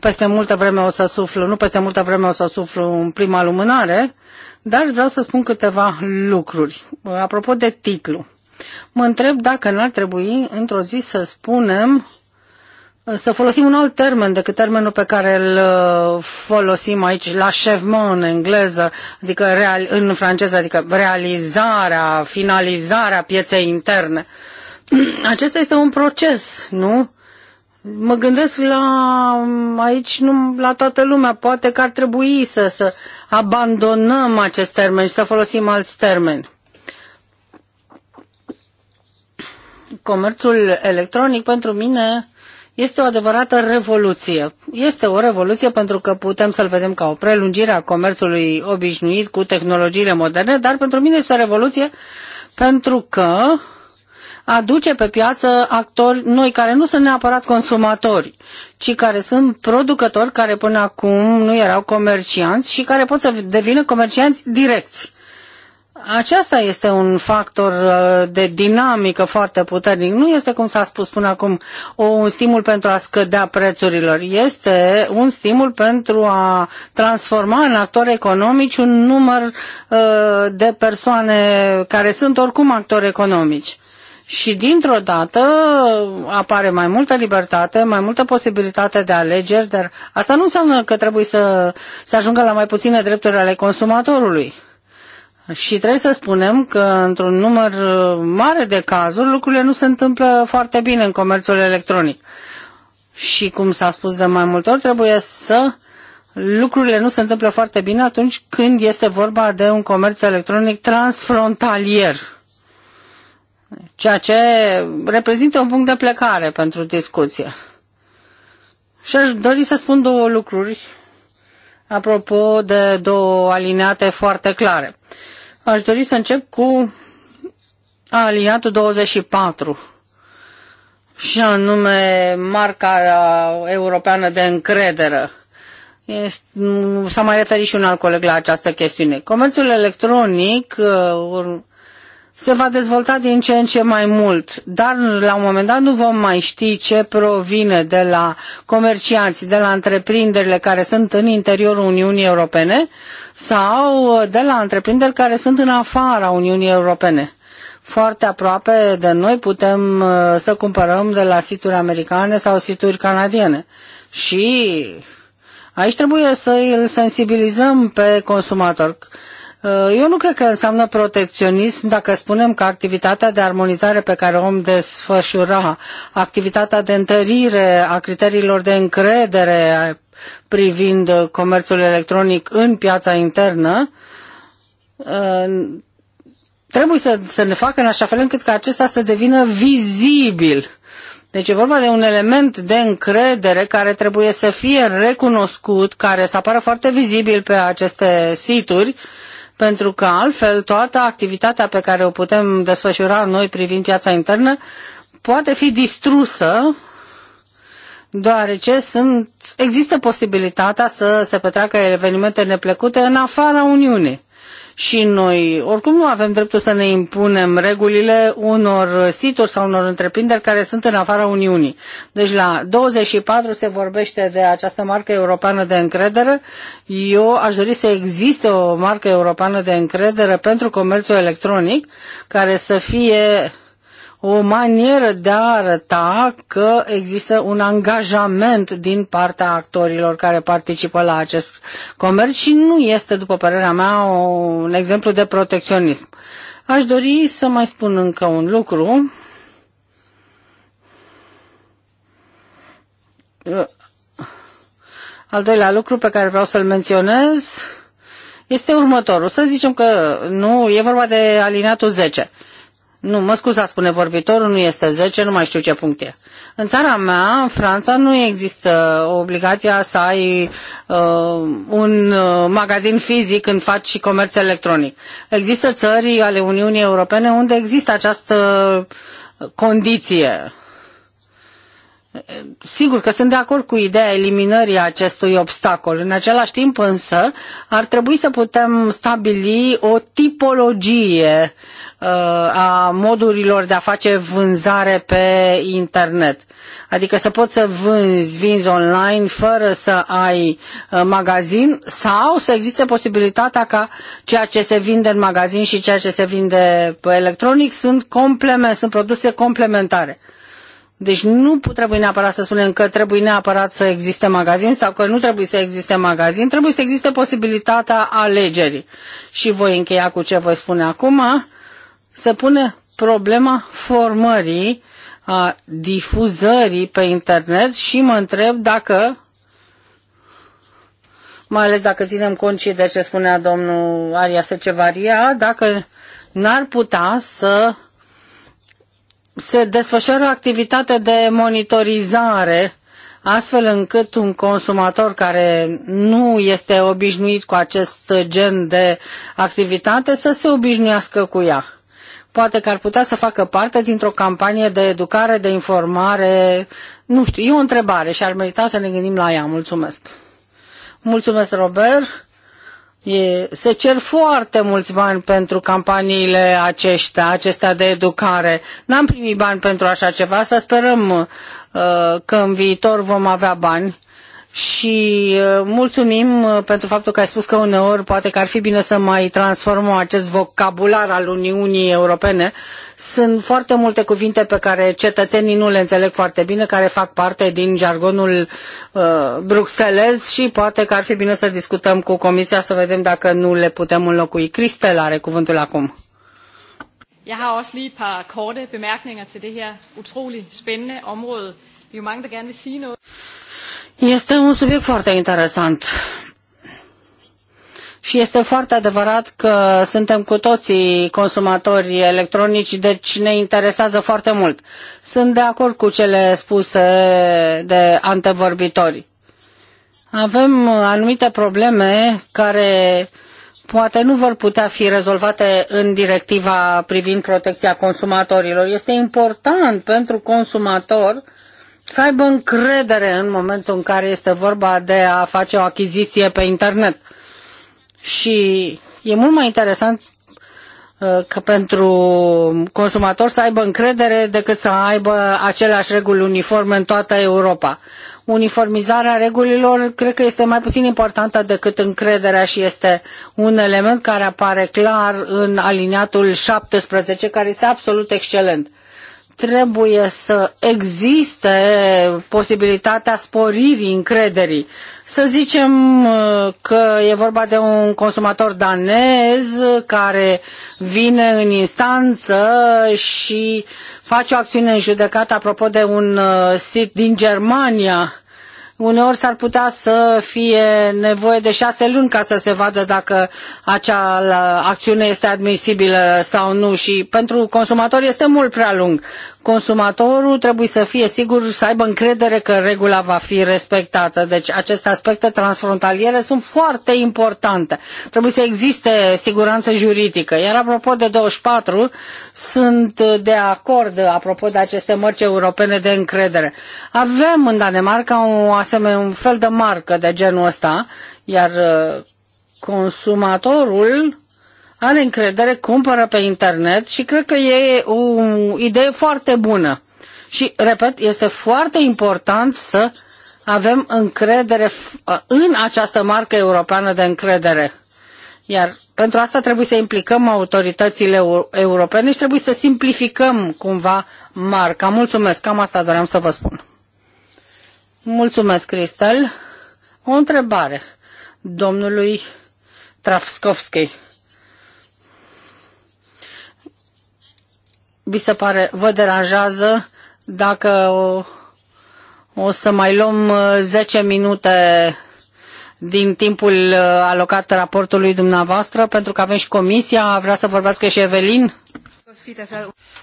peste multă vreme o să suflu, nu peste multă vreme o să suflu în prima lumânare, dar vreau să spun câteva lucruri. Apropo de titlu, Mă întreb dacă n-ar trebui într-o zi să spunem să folosim un alt termen decât termenul pe care îl uh, folosim aici la chevement în engleză, adică real, în franceză, adică realizarea, finalizarea pieței interne. Acesta este un proces, nu? Mă gândesc la aici, nu la toată lumea. Poate că ar trebui să, să abandonăm acest termen și să folosim alți termeni. comerțul electronic pentru mine este o adevărată revoluție. Este o revoluție pentru că putem să-l vedem ca o prelungire a comerțului obișnuit cu tehnologiile moderne, dar pentru mine este o revoluție pentru că aduce pe piață actori noi care nu sunt neapărat consumatori, ci care sunt producători care până acum nu erau comercianți și care pot să devină comercianți direcți. Acesta este un factor uh, de dinamică foarte puternic. Nu este, cum s-a spus până acum, un stimul pentru a scădea prețurilor. Este un stimul pentru a transforma în actori economici un număr uh, de persoane care sunt oricum actori economici. Și dintr-o dată apare mai multă libertate, mai multă posibilitate de alegeri, dar asta nu înseamnă că trebuie să, să ajungă la mai puține drepturi ale consumatorului și trebuie să spunem că într-un număr uh, mare de cazuri lucrurile nu se întâmplă foarte bine în comerțul electronic. Și cum s-a spus de mai multe ori, trebuie să lucrurile nu se întâmplă foarte bine atunci când este vorba de un comerț electronic transfrontalier. Ceea ce reprezintă un punct de plecare pentru discuție. Și aș dori să spun două lucruri apropo de două alineate foarte clare. Aș dori să încep cu aliatul 24 și anume marca europeană de încredere. S-a mai referit și un alt coleg la această chestiune. Comerțul electronic uh, se va dezvolta din ce în ce mai mult, dar la un moment dat nu vom mai ști ce provine de la comercianți, de la întreprinderile care sunt în interiorul Uniunii Europene sau de la întreprinderi care sunt în afara Uniunii Europene. Foarte aproape de noi putem uh, să cumpărăm de la situri americane sau situri canadiene. Și aici trebuie să îl sensibilizăm pe consumator Uh, eu nu cred că înseamnă protecționism dacă spunem că activitatea de armonizare pe care o om desfășura, activitatea de întărire a criteriilor de încredere privind comerțul electronic în piața internă, uh, trebuie să, să ne facă în așa fel încât ca acesta să devină vizibil. Deci e vorba de un element de încredere care trebuie să fie recunoscut, care să apară foarte vizibil pe aceste situri pentru că altfel toată activitatea pe care o putem desfășura noi privind piața internă poate fi distrusă deoarece sunt, există posibilitatea să se petreacă evenimente neplăcute în afara Uniunii și noi. Oricum nu avem dreptul să ne impunem regulile unor situri sau unor întreprinderi care sunt în afara Uniunii. Deci la 24 se vorbește de această marcă europeană de încredere. Eu aș dori să existe o marcă europeană de încredere pentru comerțul electronic care să fie o manieră de a arăta că există un angajament din partea actorilor care participă la acest comerț și nu este, după părerea mea, un exemplu de protecționism. Aș dori să mai spun încă un lucru. Al doilea lucru pe care vreau să-l menționez este următorul. Să zicem că nu, e vorba de alineatul 10. Nu, mă scuza, spune vorbitorul, nu este 10, nu mai știu ce punct e. În țara mea, în Franța, nu există obligația să ai uh, un uh, magazin fizic când faci și comerț electronic. Există țări ale Uniunii Europene unde există această condiție. Sigur că sunt de acord cu ideea eliminării acestui obstacol. În același timp însă ar trebui să putem stabili o tipologie uh, a modurilor de a face vânzare pe internet. Adică să poți să vânzi, vinzi online fără să ai uh, magazin sau să existe posibilitatea ca ceea ce se vinde în magazin și ceea ce se vinde pe electronic sunt, complement, sunt produse complementare. Deci nu trebuie neapărat să spunem că trebuie neapărat să existe magazin sau că nu trebuie să existe magazin, trebuie să existe posibilitatea alegerii. Și voi încheia cu ce voi spune acum, se pune problema formării, a difuzării pe internet și mă întreb dacă mai ales dacă ținem cont și de ce spunea domnul Aria Secevaria, dacă n-ar putea să se desfășoară o activitate de monitorizare astfel încât un consumator care nu este obișnuit cu acest gen de activitate să se obișnuiască cu ea. Poate că ar putea să facă parte dintr-o campanie de educare, de informare, nu știu, e o întrebare și ar merita să ne gândim la ea. Mulțumesc! Mulțumesc, Robert! E, se cer foarte mulți bani pentru campaniile aceștia, acestea de educare. N-am primit bani pentru așa ceva, să sperăm uh, că în viitor vom avea bani și uh, mulțumim uh, pentru faptul că ai spus că uneori poate că ar fi bine să mai transformăm acest vocabular al Uniunii Europene. Sunt foarte multe cuvinte pe care cetățenii nu le înțeleg foarte bine, care fac parte din jargonul uh, bruxelez și poate că ar fi bine să discutăm cu Comisia să vedem dacă nu le putem înlocui. Cristel are cuvântul acum. Jeg har også lige et par korte bemærkninger til det her utrolig spændende område. Vi er jo mange, der gerne vil sige noget. Este un subiect foarte interesant. Și este foarte adevărat că suntem cu toții consumatori electronici, deci ne interesează foarte mult. Sunt de acord cu cele spuse de antevorbitori. Avem anumite probleme care poate nu vor putea fi rezolvate în directiva privind protecția consumatorilor. Este important pentru consumator uh, să aibă încredere în momentul în care este vorba de a face o achiziție pe internet. Și e mult mai interesant uh, că pentru consumator să aibă încredere decât să aibă aceleași reguli uniforme în toată Europa. Uniformizarea regulilor cred că este mai puțin importantă decât încrederea și este un element care apare clar în aliniatul 17, care este absolut excelent trebuie să existe posibilitatea sporirii încrederii. Să zicem uh, că e vorba de un consumator danez care vine în instanță și face o acțiune în judecată apropo de un uh, sit din Germania Uneori s-ar putea să fie nevoie de șase luni ca să se vadă dacă acea acțiune este admisibilă sau nu și pentru consumator este mult prea lung consumatorul trebuie să fie sigur să aibă încredere că regula va fi respectată. Deci aceste aspecte transfrontaliere sunt foarte importante. Trebuie să existe siguranță juridică. Iar apropo de 24, sunt de acord apropo de aceste mărci europene de încredere. Avem în Danemarca un, asemenea, un fel de marcă de genul ăsta, iar uh, consumatorul are încredere, cumpără pe internet și cred că e o idee foarte bună. Și, repet, este foarte important să avem încredere în această marcă europeană de încredere. Iar pentru asta trebuie să implicăm autoritățile europene și trebuie să simplificăm cumva marca. Mulțumesc, cam asta doream să vă spun. Mulțumesc, Cristel. O întrebare domnului Trafskovski. vi se pare, vă deranjează dacă o, o să mai luăm 10 uh, minute din timpul uh, alocat raportului dumneavoastră, pentru că avem și comisia, vrea să vorbească și Evelin.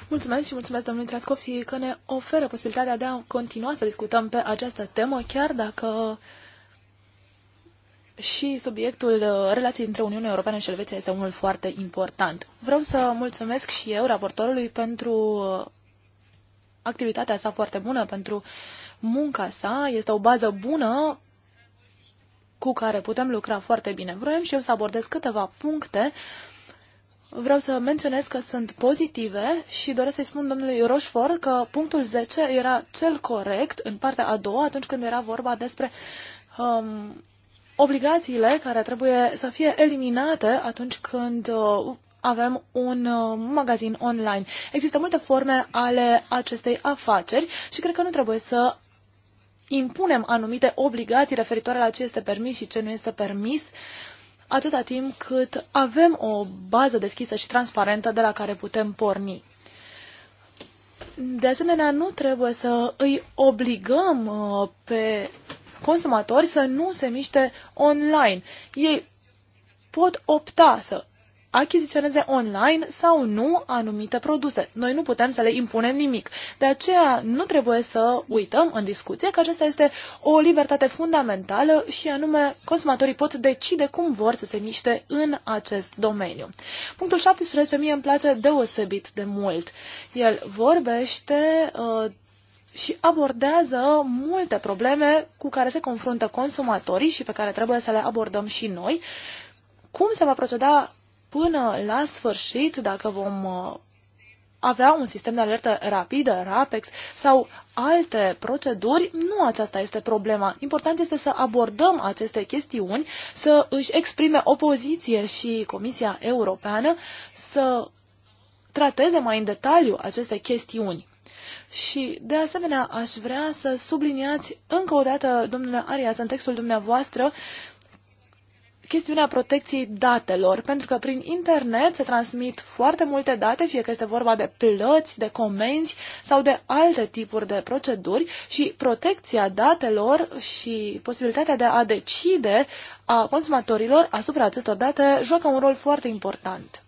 Mulțumesc și mulțumesc domnului Trascovski că ne oferă posibilitatea de a continua să discutăm pe această temă, chiar dacă uh, și subiectul uh, relației între Uniunea Europeană și Elveția este unul foarte important. Vreau să mulțumesc și eu raportorului pentru uh, activitatea sa foarte bună, pentru munca sa. Este o bază bună cu care putem lucra foarte bine. Vroiam și eu să abordez câteva puncte. Vreau să menționez că sunt pozitive și doresc să-i spun domnului Roșfor că punctul 10 era cel corect în partea a doua atunci când era vorba despre um, obligațiile care trebuie să fie eliminate atunci când uh, avem un uh, magazin online. Există multe forme ale acestei afaceri și cred că nu trebuie să impunem anumite obligații referitoare la ce este permis și ce nu este permis atâta timp cât avem o bază deschisă și transparentă de la care putem porni. De asemenea, nu trebuie să îi obligăm uh, pe consumatori să nu se miște online. Ei pot opta să achiziționeze online sau nu anumite produse. Noi nu putem să le impunem nimic. De aceea nu trebuie să uităm în discuție că acesta este o libertate fundamentală și anume consumatorii pot decide cum vor să se miște în acest domeniu. Punctul 17 mie îmi place deosebit de mult. El vorbește uh, și abordează multe probleme cu care se confruntă consumatorii și pe care trebuie să le abordăm și noi. Cum se va proceda până la sfârșit, dacă vom uh, avea un sistem de alertă rapidă, RAPEX sau alte proceduri, nu aceasta este problema. Important este să abordăm aceste chestiuni, să își exprime opoziție și Comisia Europeană, să trateze mai în detaliu aceste chestiuni. Și, de asemenea, aș vrea să subliniați încă o dată, domnule Arias, în textul dumneavoastră, chestiunea protecției datelor, pentru că prin internet se transmit foarte multe date, fie că este vorba de plăți, de comenzi sau de alte tipuri de proceduri și protecția datelor și posibilitatea de a decide a consumatorilor asupra acestor date joacă un rol foarte important.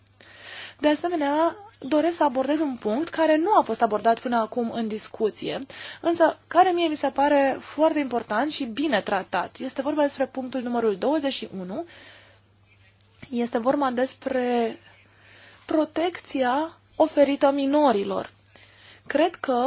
De asemenea, doresc să abordez un punct care nu a fost abordat până acum în discuție, însă care mie mi se pare foarte important și bine tratat. Este vorba despre punctul numărul 21. Este vorba despre protecția oferită minorilor. Cred că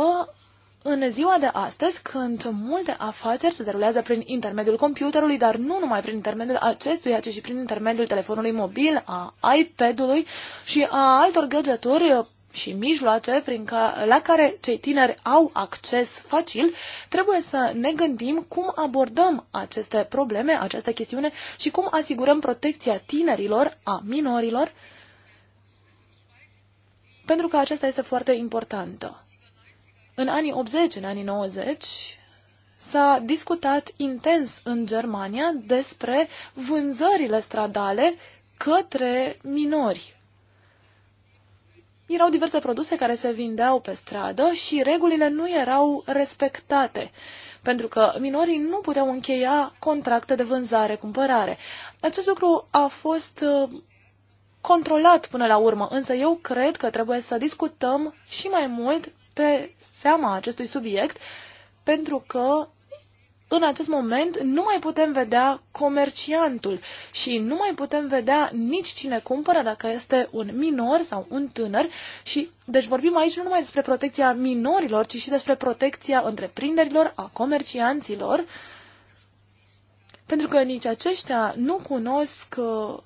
în ziua de astăzi, când multe afaceri se derulează prin intermediul computerului, dar nu numai prin intermediul acestuia, ci și prin intermediul telefonului mobil, a iPad-ului și a altor gadgeturi și mijloace prin ca, la care cei tineri au acces facil, trebuie să ne gândim cum abordăm aceste probleme, această chestiune și cum asigurăm protecția tinerilor, a minorilor, pentru că aceasta este foarte importantă. În anii 80, în anii 90, s-a discutat intens în Germania despre vânzările stradale către minori. Erau diverse produse care se vindeau pe stradă și regulile nu erau respectate, pentru că minorii nu puteau încheia contracte de vânzare-cumpărare. Acest lucru a fost uh, controlat până la urmă, însă eu cred că trebuie să discutăm și mai mult pe seama acestui subiect, pentru că în acest moment nu mai putem vedea comerciantul și nu mai putem vedea nici cine cumpără, dacă este un minor sau un tânăr. Și deci vorbim aici nu numai despre protecția minorilor, ci și despre protecția întreprinderilor, a comercianților, pentru că nici aceștia nu cunosc uh,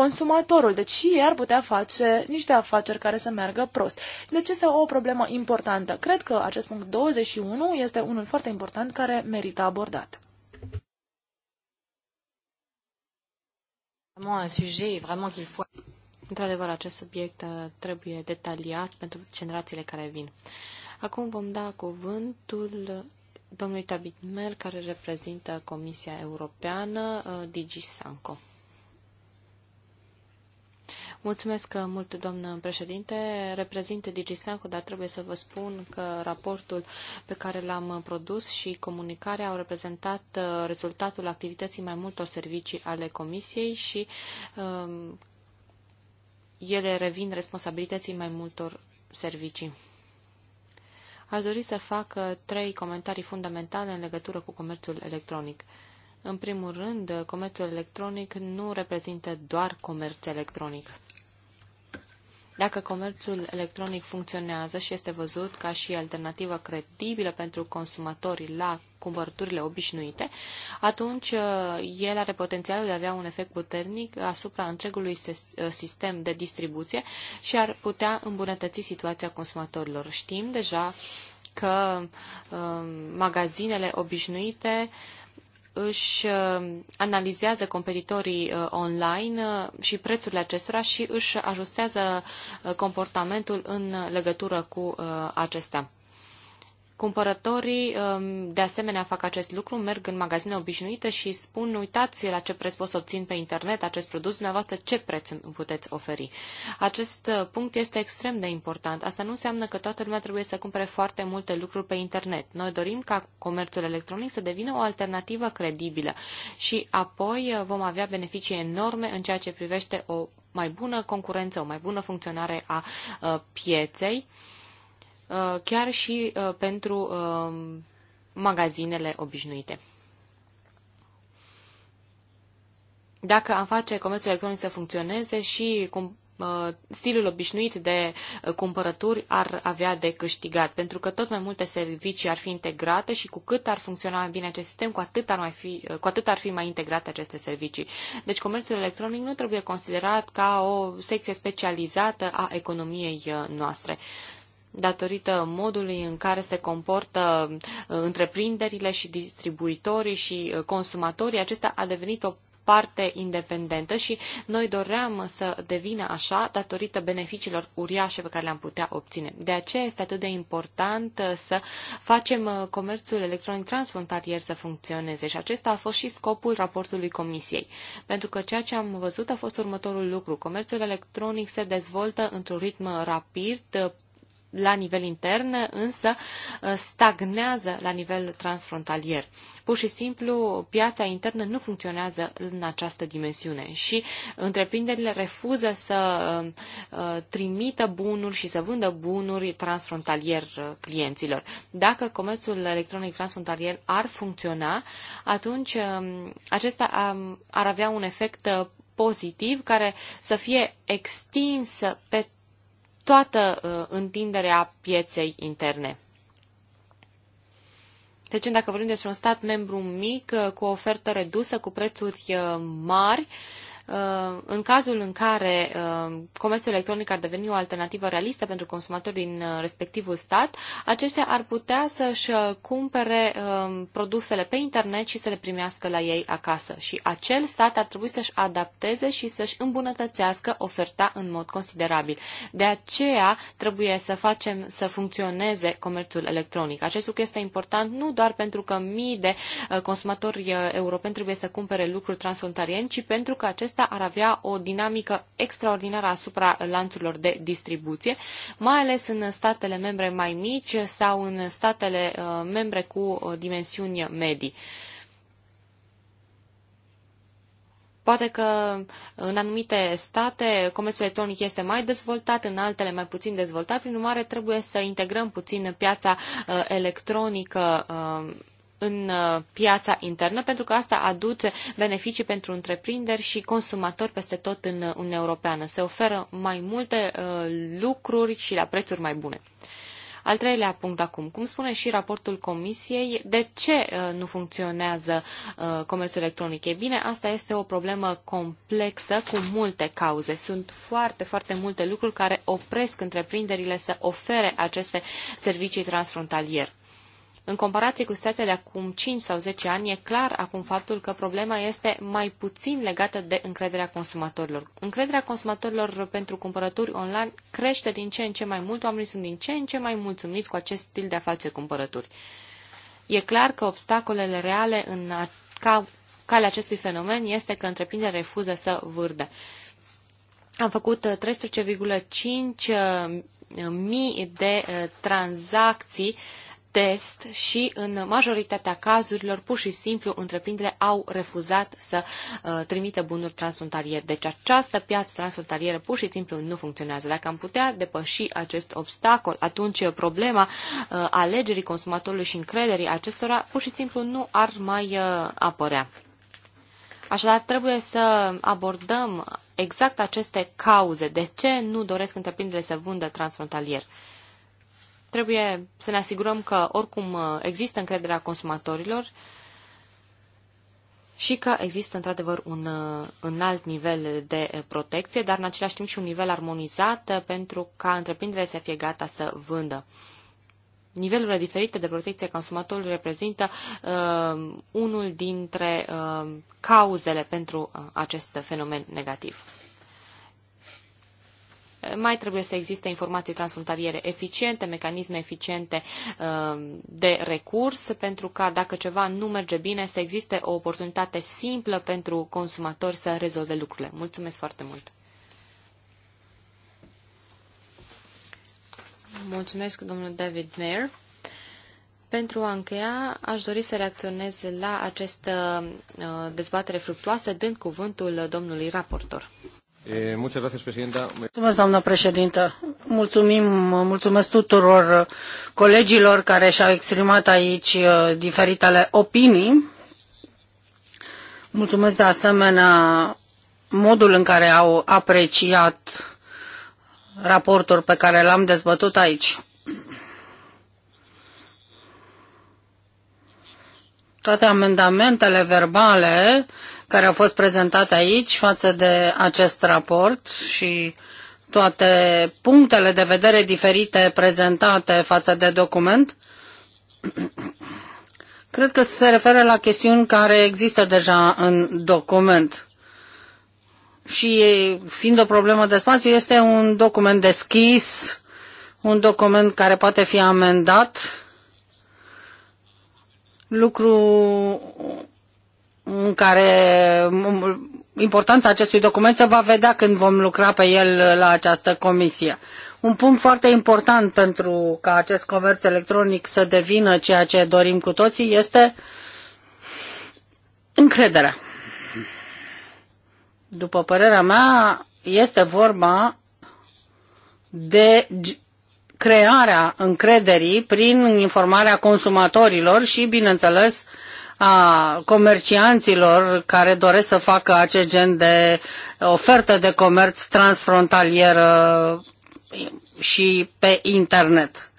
consumatorul. Deci și ei ar putea face niște afaceri care să meargă prost. Deci este o problemă importantă. Cred că acest punct 21 este unul foarte important care merită abordat. Într-adevăr, acest subiect uh, trebuie detaliat pentru generațiile care vin. Acum vom da cuvântul domnului Tabit Mel, care reprezintă Comisia Europeană, uh, Digi Sanco. Mulțumesc mult, doamnă președinte. Reprezint DigiSanco, dar trebuie să vă spun că raportul pe care l-am produs și comunicarea au reprezentat uh, rezultatul activității mai multor servicii ale Comisiei și um, ele revin responsabilității mai multor servicii. Aș dori să fac uh, trei comentarii fundamentale în legătură cu comerțul electronic. În primul rând, comerțul electronic nu reprezintă doar comerț electronic. Dacă comerțul electronic funcționează și este văzut ca și alternativă credibilă pentru consumatori la cumpărăturile obișnuite, atunci uh, el are potențialul de a avea un efect puternic asupra întregului uh, sistem de distribuție și ar putea îmbunătăți situația consumatorilor. Știm deja că uh, magazinele obișnuite uh, își uh, analizează competitorii uh, online uh, și prețurile acestora și își ajustează comportamentul în legătură cu acestea. Cumpărătorii, um, de asemenea, fac acest lucru, merg în magazine obișnuite și spun, uitați la ce preț pot să obțin pe internet acest produs, dumneavoastră ce preț îmi puteți oferi. Acest uh, punct este extrem de important. Asta nu înseamnă că toată lumea trebuie să cumpere foarte multe lucruri pe internet. Noi dorim ca comerțul electronic să devină o alternativă credibilă și apoi uh, vom avea beneficii enorme în ceea ce privește o mai bună concurență, o mai bună funcționare a uh, pieței Uh, chiar și uh, pentru uh, magazinele obișnuite. Dacă am face comerțul electronic să funcționeze și cum stilul obișnuit de cumpărături ar avea de câștigat, pentru că tot mai multe servicii ar fi integrate și cu cât ar funcționa mai bine acest sistem, cu atât ar, mai fi, cu atât ar fi mai integrate aceste servicii. Deci comerțul electronic nu trebuie considerat ca o secție specializată a economiei noastre. Uh, datorită modului în care se comportă uh, întreprinderile și distribuitorii și uh, consumatorii, acesta a devenit o parte independentă și noi doream să devină așa datorită beneficiilor uriașe pe care le-am putea obține. De aceea este atât de important uh, să facem comerțul electronic transfrontalier să funcționeze și acesta a fost și scopul raportului Comisiei. Pentru că ceea ce am văzut a fost următorul lucru. Comerțul electronic se dezvoltă într-un ritm rapid la nivel intern, însă uh, stagnează la nivel transfrontalier. Pur și simplu, piața internă nu funcționează în această dimensiune și întreprinderile refuză să uh, uh, trimită bunuri și să vândă bunuri transfrontalier clienților. Dacă comerțul electronic transfrontalier ar funcționa, atunci um, acesta um, ar avea un efect pozitiv care să fie extins pe toată uh, întinderea pieței interne. Deci, dacă vorbim despre un stat membru mic, uh, cu o ofertă redusă, cu prețuri uh, mari, Uh, în cazul în care uh, comerțul electronic ar deveni o alternativă realistă pentru consumatori din uh, respectivul stat, aceștia ar putea să-și cumpere um, produsele pe internet și să le primească la ei acasă. Și acel stat ar trebui să-și adapteze și să-și îmbunătățească oferta în mod considerabil. De aceea trebuie să facem să funcționeze comerțul electronic. Acest lucru este important nu doar pentru că mii de consumatori europeni trebuie să cumpere lucruri transfrontalieni, ci pentru că acest acesta ar avea o dinamică extraordinară asupra lanțurilor de distribuție, mai ales în statele membre mai mici sau în statele uh, membre cu uh, dimensiuni medii. Poate că în anumite state comerțul electronic este mai dezvoltat, în altele mai puțin dezvoltat, prin urmare trebuie să integrăm puțin piața uh, electronică în uh, piața internă, pentru că asta aduce beneficii pentru întreprinderi și consumatori peste tot în uh, Uniunea Europeană. Se oferă mai multe uh, lucruri și la prețuri mai bune. Al treilea punct acum. Cum spune și raportul Comisiei, de ce nu funcționează comerțul electronic? E bine, asta este o problemă complexă cu multe cauze. Sunt foarte, foarte multe lucruri care opresc întreprinderile să ofere aceste servicii transfrontalier. În comparație cu situația de acum 5 sau 10 ani, e clar acum faptul că problema este mai puțin legată de încrederea consumatorilor. Încrederea consumatorilor pentru cumpărături online crește din ce în ce mai mult, oamenii sunt din ce în ce mai mulțumiți cu acest stil de a face cumpărături. E clar că obstacolele reale în a, ca, calea acestui fenomen este că întreprinderea refuză să vârde. Am făcut 13,5 uh, uh, mii de uh, tranzacții test și în majoritatea cazurilor, pur și simplu, întreprinderile au refuzat să uh, trimită bunuri transfrontaliere. Deci această piață transfrontalieră pur și simplu nu funcționează. Dacă am putea depăși acest obstacol, atunci uh, problema uh, alegerii consumatorului și încrederii acestora pur și simplu nu ar mai uh, apărea. Așadar, trebuie să abordăm exact aceste cauze. De ce nu doresc întreprindere să vândă transfrontalier? Trebuie să ne asigurăm că oricum uh, există încrederea consumatorilor și că există într-adevăr un, uh, un alt nivel de uh, protecție, dar în același timp și un nivel armonizat pentru ca întreprinderea să fie gata să vândă. Nivelurile diferite de protecție consumatorului reprezintă uh, unul dintre uh, cauzele pentru uh, acest fenomen negativ mai trebuie să existe informații transfrontaliere eficiente, mecanisme eficiente um, de recurs, pentru ca dacă ceva nu merge bine, să existe o oportunitate simplă pentru consumatori să rezolve lucrurile. Mulțumesc foarte mult! Mulțumesc, domnul David Mayer. Pentru a încheia, aș dori să reacționez la această uh, dezbatere fructuoasă, dând cuvântul domnului raportor. Eh, mulțumesc, doamnă președintă. Mulțumim, mulțumesc tuturor colegilor care și-au exprimat aici eh, diferitele opinii. Mulțumesc de asemenea modul în care au apreciat raportul pe care l-am dezbătut aici. toate amendamentele verbale care au fost prezentate aici față de acest raport și toate punctele de vedere diferite prezentate față de document, cred că se referă la chestiuni care există deja în document. Și fiind o problemă de spațiu, este un document deschis, un document care poate fi amendat lucru în care importanța acestui document se va vedea când vom lucra pe el la această comisie. Un punct foarte important pentru ca acest comerț electronic să devină ceea ce dorim cu toții este încrederea. După părerea mea, este vorba de crearea încrederii prin informarea consumatorilor și, bineînțeles, a comercianților care doresc să facă acest gen de ofertă de comerț transfrontalier și pe internet.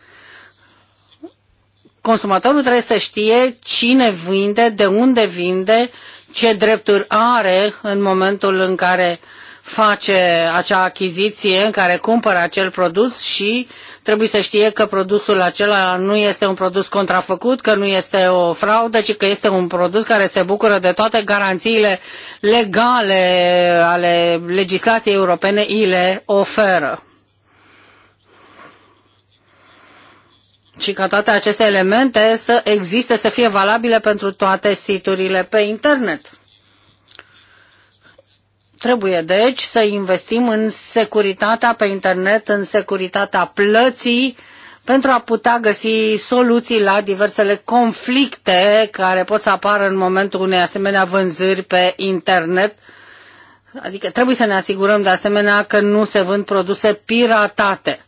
Consumatorul trebuie să știe cine vinde, de unde vinde, ce drepturi are în momentul în care uh, face acea achiziție în care cumpără acel produs și trebuie să știe că produsul acela nu este un produs contrafăcut, că nu este o fraudă, ci că este un produs care se bucură de toate garanțiile legale ale legislației europene, îi le oferă. și ca toate aceste elemente să existe, să fie valabile pentru toate siturile pe internet. Trebuie deci să investim în securitatea pe internet, în securitatea plății, pentru a putea găsi soluții la diversele conflicte care pot să apară în momentul unei asemenea vânzări pe internet. Adică trebuie să ne asigurăm de asemenea că nu se vând produse piratate.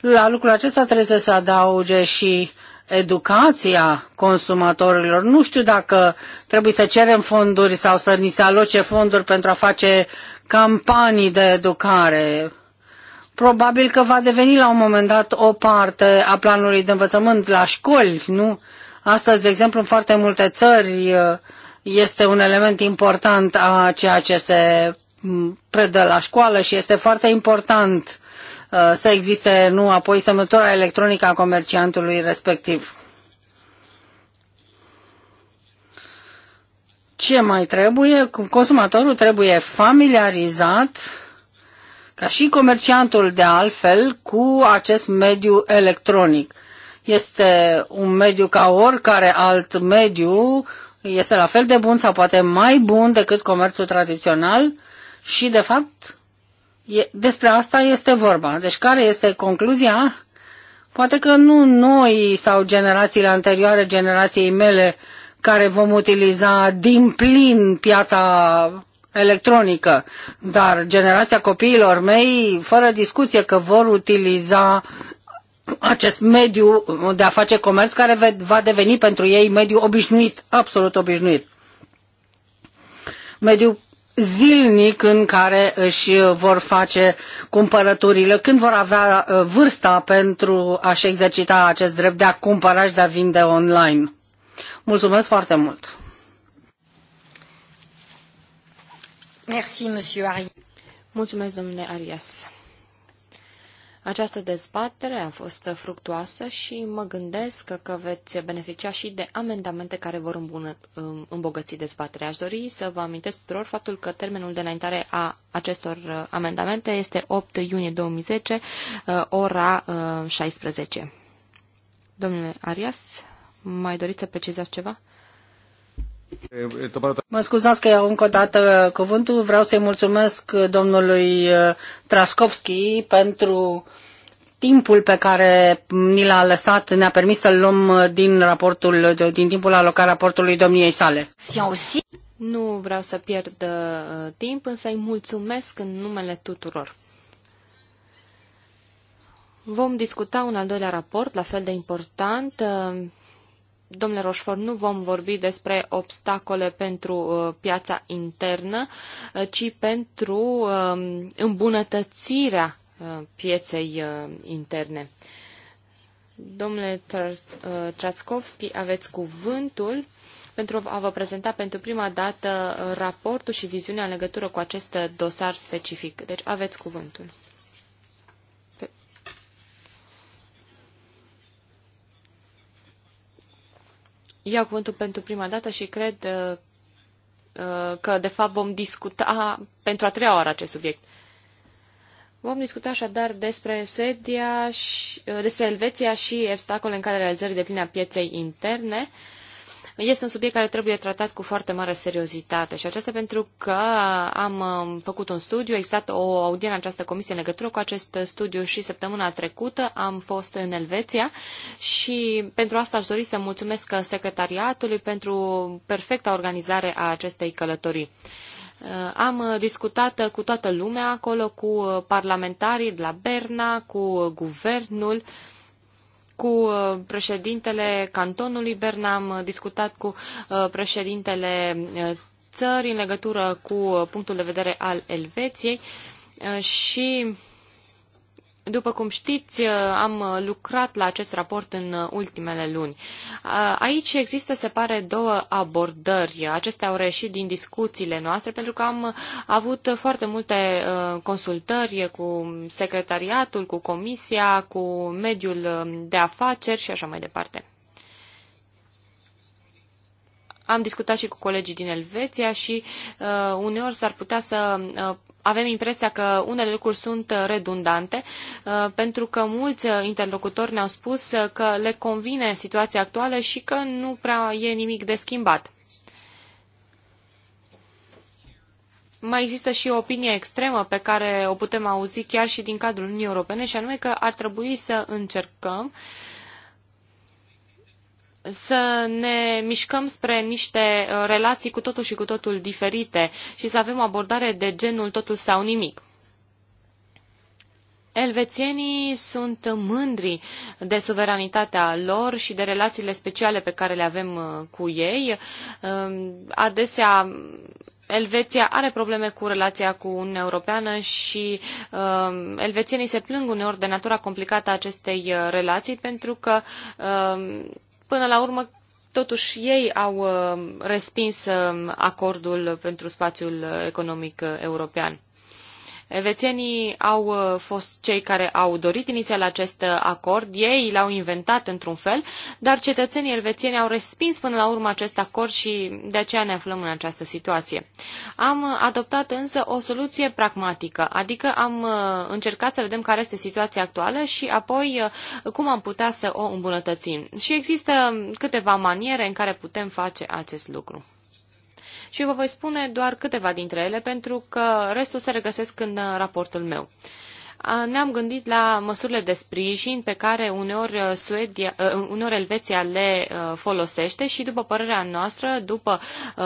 La lucrul acesta trebuie să se adauge și educația consumatorilor. Nu știu dacă trebuie să cerem fonduri sau să ni se aloce fonduri pentru a face campanii de educare. Probabil că va deveni la un moment dat o parte a planului de învățământ la școli, nu? Astăzi, de exemplu, în foarte multe țări uh, este un element important a ceea ce se predă la școală și este foarte important Uh, să existe nu apoi semnătura electronică a comerciantului respectiv. Ce mai trebuie? Consumatorul trebuie familiarizat ca și comerciantul de altfel cu acest mediu electronic. Este un mediu ca oricare alt mediu, este la fel de bun sau poate mai bun decât comerțul tradițional și, de fapt, E, despre asta este vorba. Deci care este concluzia? Poate că nu noi sau generațiile anterioare generației mele care vom utiliza din plin piața electronică, dar generația copiilor mei, fără discuție că vor utiliza acest mediu de a face comerț care va deveni pentru ei mediu obișnuit, absolut obișnuit. Mediu zilnic în care își uh, vor face cumpărăturile, când vor avea uh, vârsta pentru a-și exercita acest drept de a cumpăra și de a vinde online. Mulțumesc foarte mult! Merci, Mulțumesc, domnule Arias. Această dezbatere a fost fructuoasă și mă gândesc că veți beneficia și de amendamente care vor îmbogăți dezbaterea. Aș dori să vă amintesc tuturor faptul că termenul de înaintare a acestor uh, amendamente este 8 iunie 2010, uh, ora 16. Uh, Domnule Arias, mai doriți să precizați ceva? Mă scuzați că iau încă o dată cuvântul. Vreau să-i mulțumesc domnului uh, Traskovski pentru timpul pe care ni l-a lăsat, ne-a permis să-l luăm din, raportul, din timpul alocat raportului domniei sale. Nu vreau să pierd uh, timp, însă îi mulțumesc în numele tuturor. Vom discuta un al doilea raport, la fel de important, uh, Domnule Roșfor, nu vom vorbi despre obstacole pentru uh, piața internă, uh, ci pentru um, îmbunătățirea uh, pieței interne. Domnule Traskovski, aveți cuvântul pentru a vă prezenta pentru prima dată raportul și viziunea în legătură cu acest dosar specific. Deci aveți cuvântul. iau cuvântul pentru prima dată și cred uh, uh, că, de fapt, vom discuta pentru a treia oară acest subiect. Vom discuta așadar despre Suedia și, uh, despre Elveția și obstacole în care realizării de plină a pieței interne. Uh, este un subiect care trebuie tratat cu foarte mare seriozitate și aceasta pentru că am um, făcut un studiu, a existat o audiere în această comisie în legătură cu acest studiu și săptămâna trecută am fost în Elveția și pentru asta aș dori să mulțumesc secretariatului pentru perfecta organizare a acestei călătorii. Uh, am discutat cu toată lumea acolo, cu uh, parlamentarii de la Berna, cu guvernul, cu uh, președintele cantonului Berna, am uh, discutat cu uh, președintele țării în legătură cu punctul de vedere al Elveției și după cum știți, uh, am uh, lucrat la acest raport în uh, ultimele luni. Aici există, se pare, două abordări. Acestea au reșit din discuțiile noastre, pentru că am avut foarte multe consultări cu secretariatul, cu comisia, cu mediul um, de afaceri și așa mai departe. Am discutat și cu colegii din Elveția și uh, uneori s-ar putea să uh, avem impresia că unele lucruri sunt uh, redundante, uh, pentru că mulți uh, interlocutori ne-au spus că le convine situația actuală și că nu prea e nimic de schimbat. Mai există și o opinie extremă pe care o putem auzi chiar și din cadrul Uniunii Europene, și anume că ar trebui să încercăm uh, să ne mișcăm spre niște uh, relații cu totul și cu totul diferite și să avem o abordare de genul totul sau nimic. Elvețienii sunt mândri de suveranitatea lor și de relațiile speciale pe care le avem uh, cu ei. Um, adesea, Elveția are probleme cu relația cu Uniunea Europeană și um, elvețienii se plâng uneori de natura complicată a acestei uh, relații pentru că um, Până la urmă, totuși ei au uh, respins uh, acordul pentru spațiul uh, economic european. Elvețienii au uh, fost cei care au dorit inițial acest uh, acord, ei l-au inventat într-un fel, dar cetățenii elvețieni au respins până la urmă acest acord și de aceea ne aflăm în această situație. Am adoptat însă o soluție pragmatică, adică am uh, încercat să vedem care este situația actuală și apoi cum am putea să o îmbunătățim. Și există câteva maniere în care putem face acest lucru și vă voi spune doar câteva dintre ele, pentru că restul se regăsesc în uh, raportul meu ne-am gândit la măsurile de sprijin pe care uneori, uh, Suedia, uh, uneori Elveția le uh, folosește și, după părerea noastră, după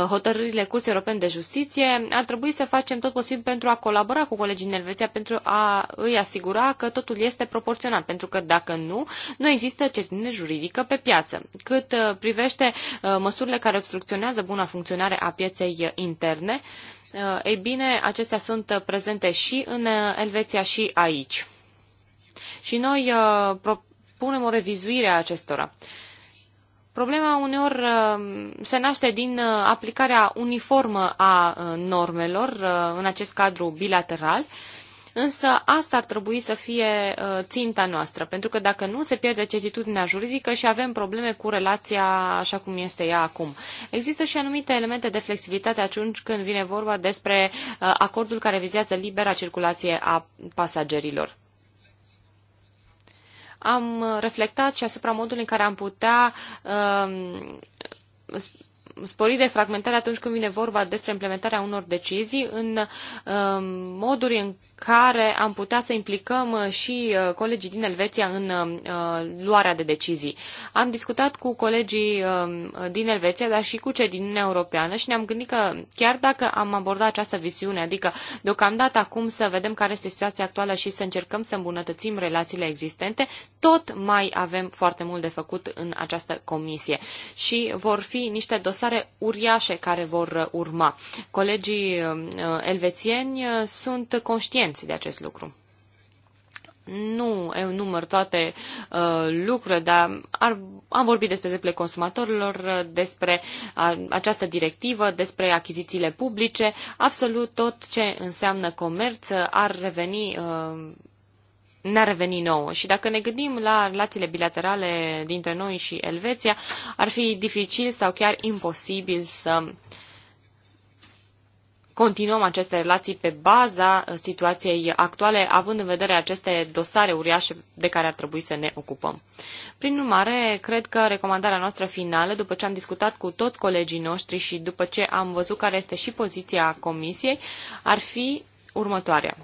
hotărârile Curții Europene de Justiție, ar trebui să facem tot posibil pentru a colabora cu colegii din Elveția pentru a îi asigura că totul este proporționat, pentru că dacă nu, nu există certitudine juridică pe piață. Cât privește măsurile care obstrucționează buna funcționare a pieței interne, Eh, ei bine, acestea sunt eh, prezente și în eh, Elveția și aici. Și noi propunem o revizuire a acestora. Problema uneori se naște din aplicarea uniformă a normelor în acest cadru bilateral Însă asta ar trebui să fie uh, ținta noastră, pentru că dacă nu, se pierde certitudinea juridică și avem probleme cu relația așa cum este ea acum. Există și anumite elemente de flexibilitate atunci când vine vorba despre uh, acordul care vizează libera circulație a pasagerilor am reflectat și asupra modului în care am putea uh, spori de fragmentare atunci când vine vorba despre implementarea unor decizii în uh, moduri în care am putea să implicăm uh, și uh, colegii din Elveția în uh, luarea de decizii. Am discutat cu colegii um, din Elveția, dar și cu cei din Uniunea Europeană și ne-am gândit că chiar dacă am abordat această visiune, adică deocamdată acum să vedem care este situația actuală și să încercăm să îmbunătățim relațiile existente, tot mai avem foarte mult de făcut în această comisie și vor fi niște dosare uriașe care vor urma. Colegii um, elvețieni sunt conștienți conștienți de acest lucru. Nu eu număr toate uh, lucrurile, dar ar, am vorbit despre drepturile consumatorilor, despre a, această directivă, despre achizițiile publice. Absolut tot ce înseamnă comerț ar reveni. Uh, ne-ar reveni nouă. Și dacă ne gândim la relațiile bilaterale dintre noi și Elveția, ar fi dificil sau chiar imposibil să uh, continuăm aceste relații pe baza uh, situației actuale, având în vedere aceste dosare uriașe de care ar trebui să ne ocupăm. Prin urmare, cred că recomandarea noastră finală, după ce am discutat cu toți colegii noștri și după ce am văzut care este și poziția Comisiei, ar fi următoarea.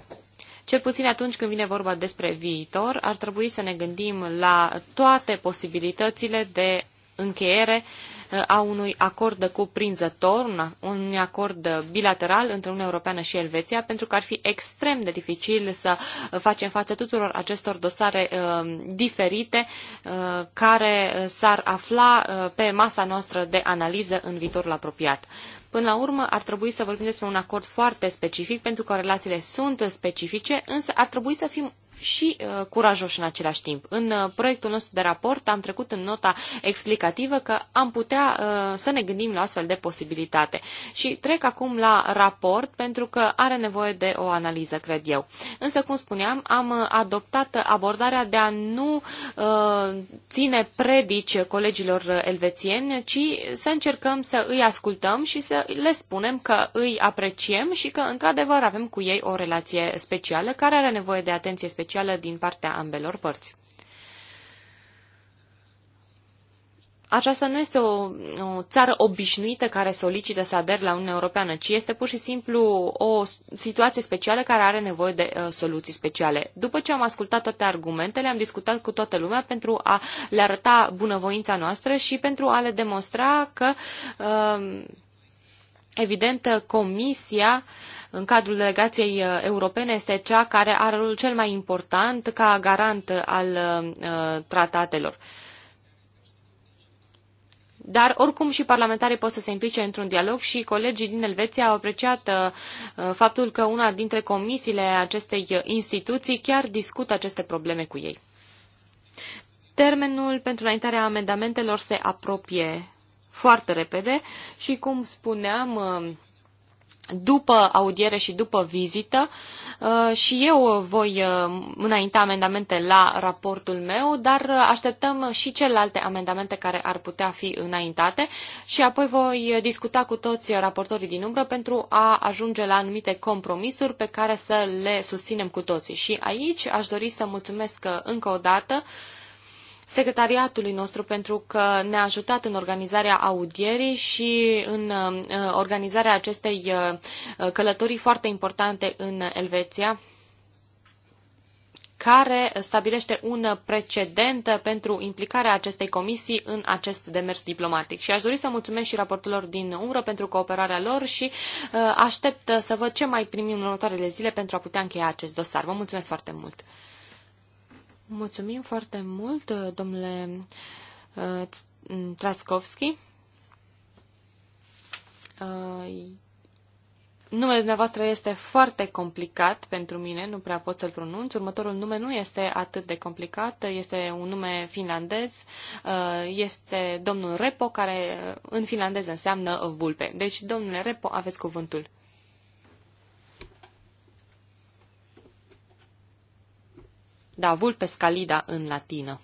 Cel puțin atunci când vine vorba despre viitor, ar trebui să ne gândim la toate posibilitățile de încheiere uh, a unui acord cuprinzător, un acord bilateral între Uniunea Europeană și Elveția, pentru că ar fi extrem de dificil să facem față tuturor acestor dosare uh, diferite uh, care s-ar afla uh, pe masa noastră de analiză în viitorul apropiat. Până la urmă, ar trebui să vorbim despre un acord foarte specific, pentru că relațiile sunt specifice, însă ar trebui să fim și uh, curajoși în același timp. În uh, proiectul nostru de raport am trecut în nota explicativă că am putea uh, să ne gândim la astfel de posibilitate. Și trec acum la raport pentru că are nevoie de o analiză, cred eu. Însă, cum spuneam, am uh, adoptat abordarea de a nu uh, ține predici colegilor uh, elvețieni, ci să încercăm să îi ascultăm și să le spunem că îi apreciem și că, într-adevăr, avem cu ei o relație specială care are nevoie de atenție specială specială din partea ambelor părți. Aceasta nu este o, o țară obișnuită care solicită să adere la Uniunea Europeană, ci este pur și simplu o situație specială care are nevoie de uh, soluții speciale. După ce am ascultat toate argumentele, am discutat cu toată lumea pentru a le arăta bunăvoința noastră și pentru a le demonstra că, uh, evident, uh, Comisia uh, în cadrul delegației uh, europene este cea care are rolul cel mai important ca garant al uh, tratatelor. Dar oricum și parlamentarii pot să se implice într-un dialog și colegii din Elveția au apreciat uh, faptul că una dintre comisiile acestei instituții chiar discută aceste probleme cu ei. Termenul pentru înaintarea amendamentelor se apropie foarte repede și, cum spuneam, după audiere și după vizită uh, și eu voi uh, înainta amendamente la raportul meu, dar uh, așteptăm și celelalte amendamente care ar putea fi înaintate și apoi voi discuta cu toți raportorii din umbră pentru a ajunge la anumite compromisuri pe care să le susținem cu toții. Și aici aș dori să mulțumesc încă o dată secretariatului nostru pentru că ne-a ajutat în organizarea audierii și în uh, organizarea acestei uh, călătorii foarte importante în Elveția care stabilește un precedent pentru implicarea acestei comisii în acest demers diplomatic. Și aș dori să mulțumesc și raportelor din umbră pentru cooperarea lor și uh, aștept să văd ce mai primim în următoarele zile pentru a putea încheia acest dosar. Vă mulțumesc foarte mult! Mulțumim foarte mult, domnule uh, Traskovski. Uh, numele dumneavoastră este foarte complicat pentru mine, nu prea pot să-l pronunț. Următorul nume nu este atât de complicat, este un nume finlandez, uh, este domnul Repo, care în finlandez înseamnă vulpe. Deci, domnule Repo, aveți cuvântul. Da, vulpes calida în latină.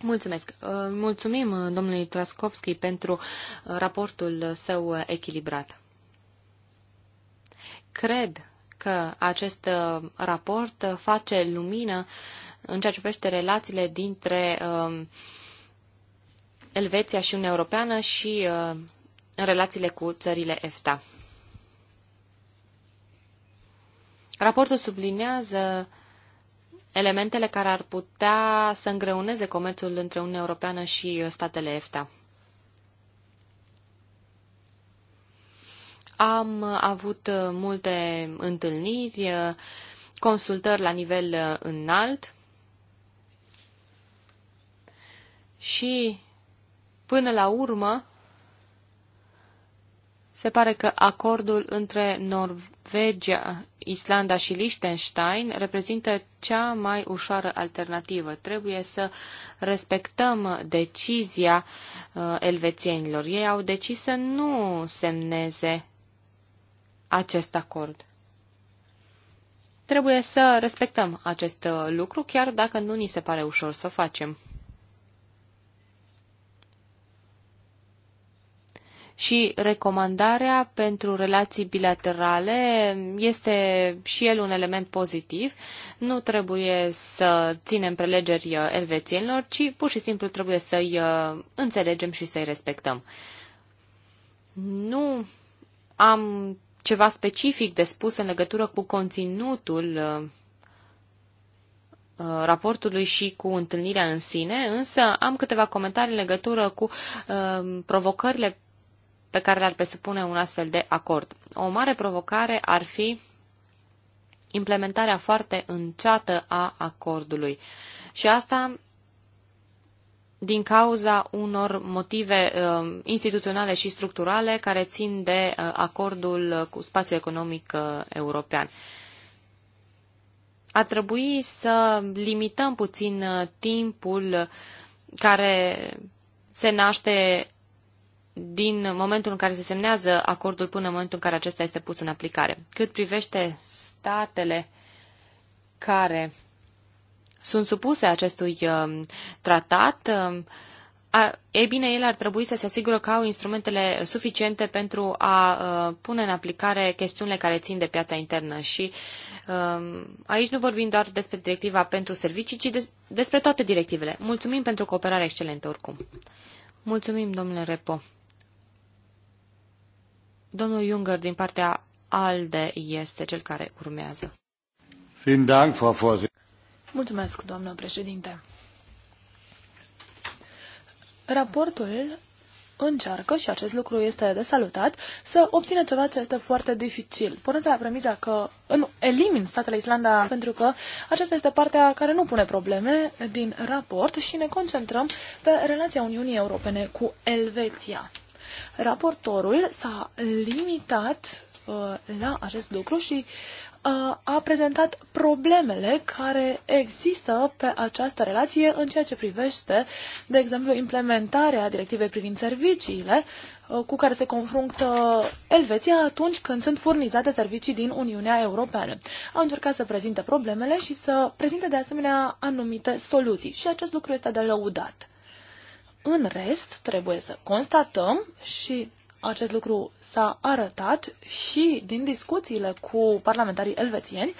Mulțumesc. Uh, mulțumim uh, domnului Traskovski pentru uh, raportul său echilibrat. Cred că acest raport face lumină în ceea ce privește relațiile dintre Elveția și Uniunea Europeană și relațiile cu țările EFTA. Raportul subliniază elementele care ar putea să îngreuneze comerțul între Uniunea Europeană și statele EFTA. Am avut multe întâlniri, consultări la nivel înalt și, până la urmă, se pare că acordul între Norvegia, Islanda și Liechtenstein reprezintă cea mai ușoară alternativă. Trebuie să respectăm decizia uh, elvețienilor. Ei au decis să nu semneze acest acord. Trebuie să respectăm acest uh, lucru, chiar dacă nu ni se pare ușor să o facem. și recomandarea pentru relații bilaterale este și el un element pozitiv. Nu trebuie să ținem prelegeri uh, elvețienilor, ci pur și simplu trebuie să-i uh, înțelegem și să-i respectăm. Nu am ceva specific de spus în legătură cu conținutul uh, raportului și cu întâlnirea în sine, însă am câteva comentarii în legătură cu uh, provocările pe care le-ar presupune un astfel de acord. O mare provocare ar fi implementarea foarte înceată a acordului. Și asta din cauza unor motive uh, instituționale și structurale care țin de uh, acordul cu spațiul economic uh, european. Ar trebui să limităm puțin uh, timpul care se naște din momentul în care se semnează acordul până în momentul în care acesta este pus în aplicare. Cât privește statele care sunt supuse acestui uh, tratat, uh, ei bine, ele ar trebui să se asigură că au instrumentele suficiente pentru a uh, pune în aplicare chestiunile care țin de piața internă și uh, aici nu vorbim doar despre directiva pentru servicii, ci despre toate directivele. Mulțumim pentru cooperare excelentă oricum. Mulțumim, domnule Repo. Domnul Junger din partea ALDE este cel care urmează. Mulțumesc, doamnă președinte. Raportul încearcă, și acest lucru este de salutat, să obțină ceva ce este foarte dificil. Pornesc de la premiza că nu, elimin statele Islanda pentru că aceasta este partea care nu pune probleme din raport și ne concentrăm pe relația Uniunii Europene cu Elveția. Raportorul s-a limitat uh, la acest lucru și uh, a prezentat problemele care există pe această relație în ceea ce privește, de exemplu, implementarea directivei privind serviciile uh, cu care se confruntă Elveția atunci când sunt furnizate servicii din Uniunea Europeană. A încercat să prezinte problemele și să prezinte de asemenea anumite soluții și acest lucru este de lăudat. În rest, trebuie să constatăm și acest lucru s-a arătat și din discuțiile cu parlamentarii elvețieni,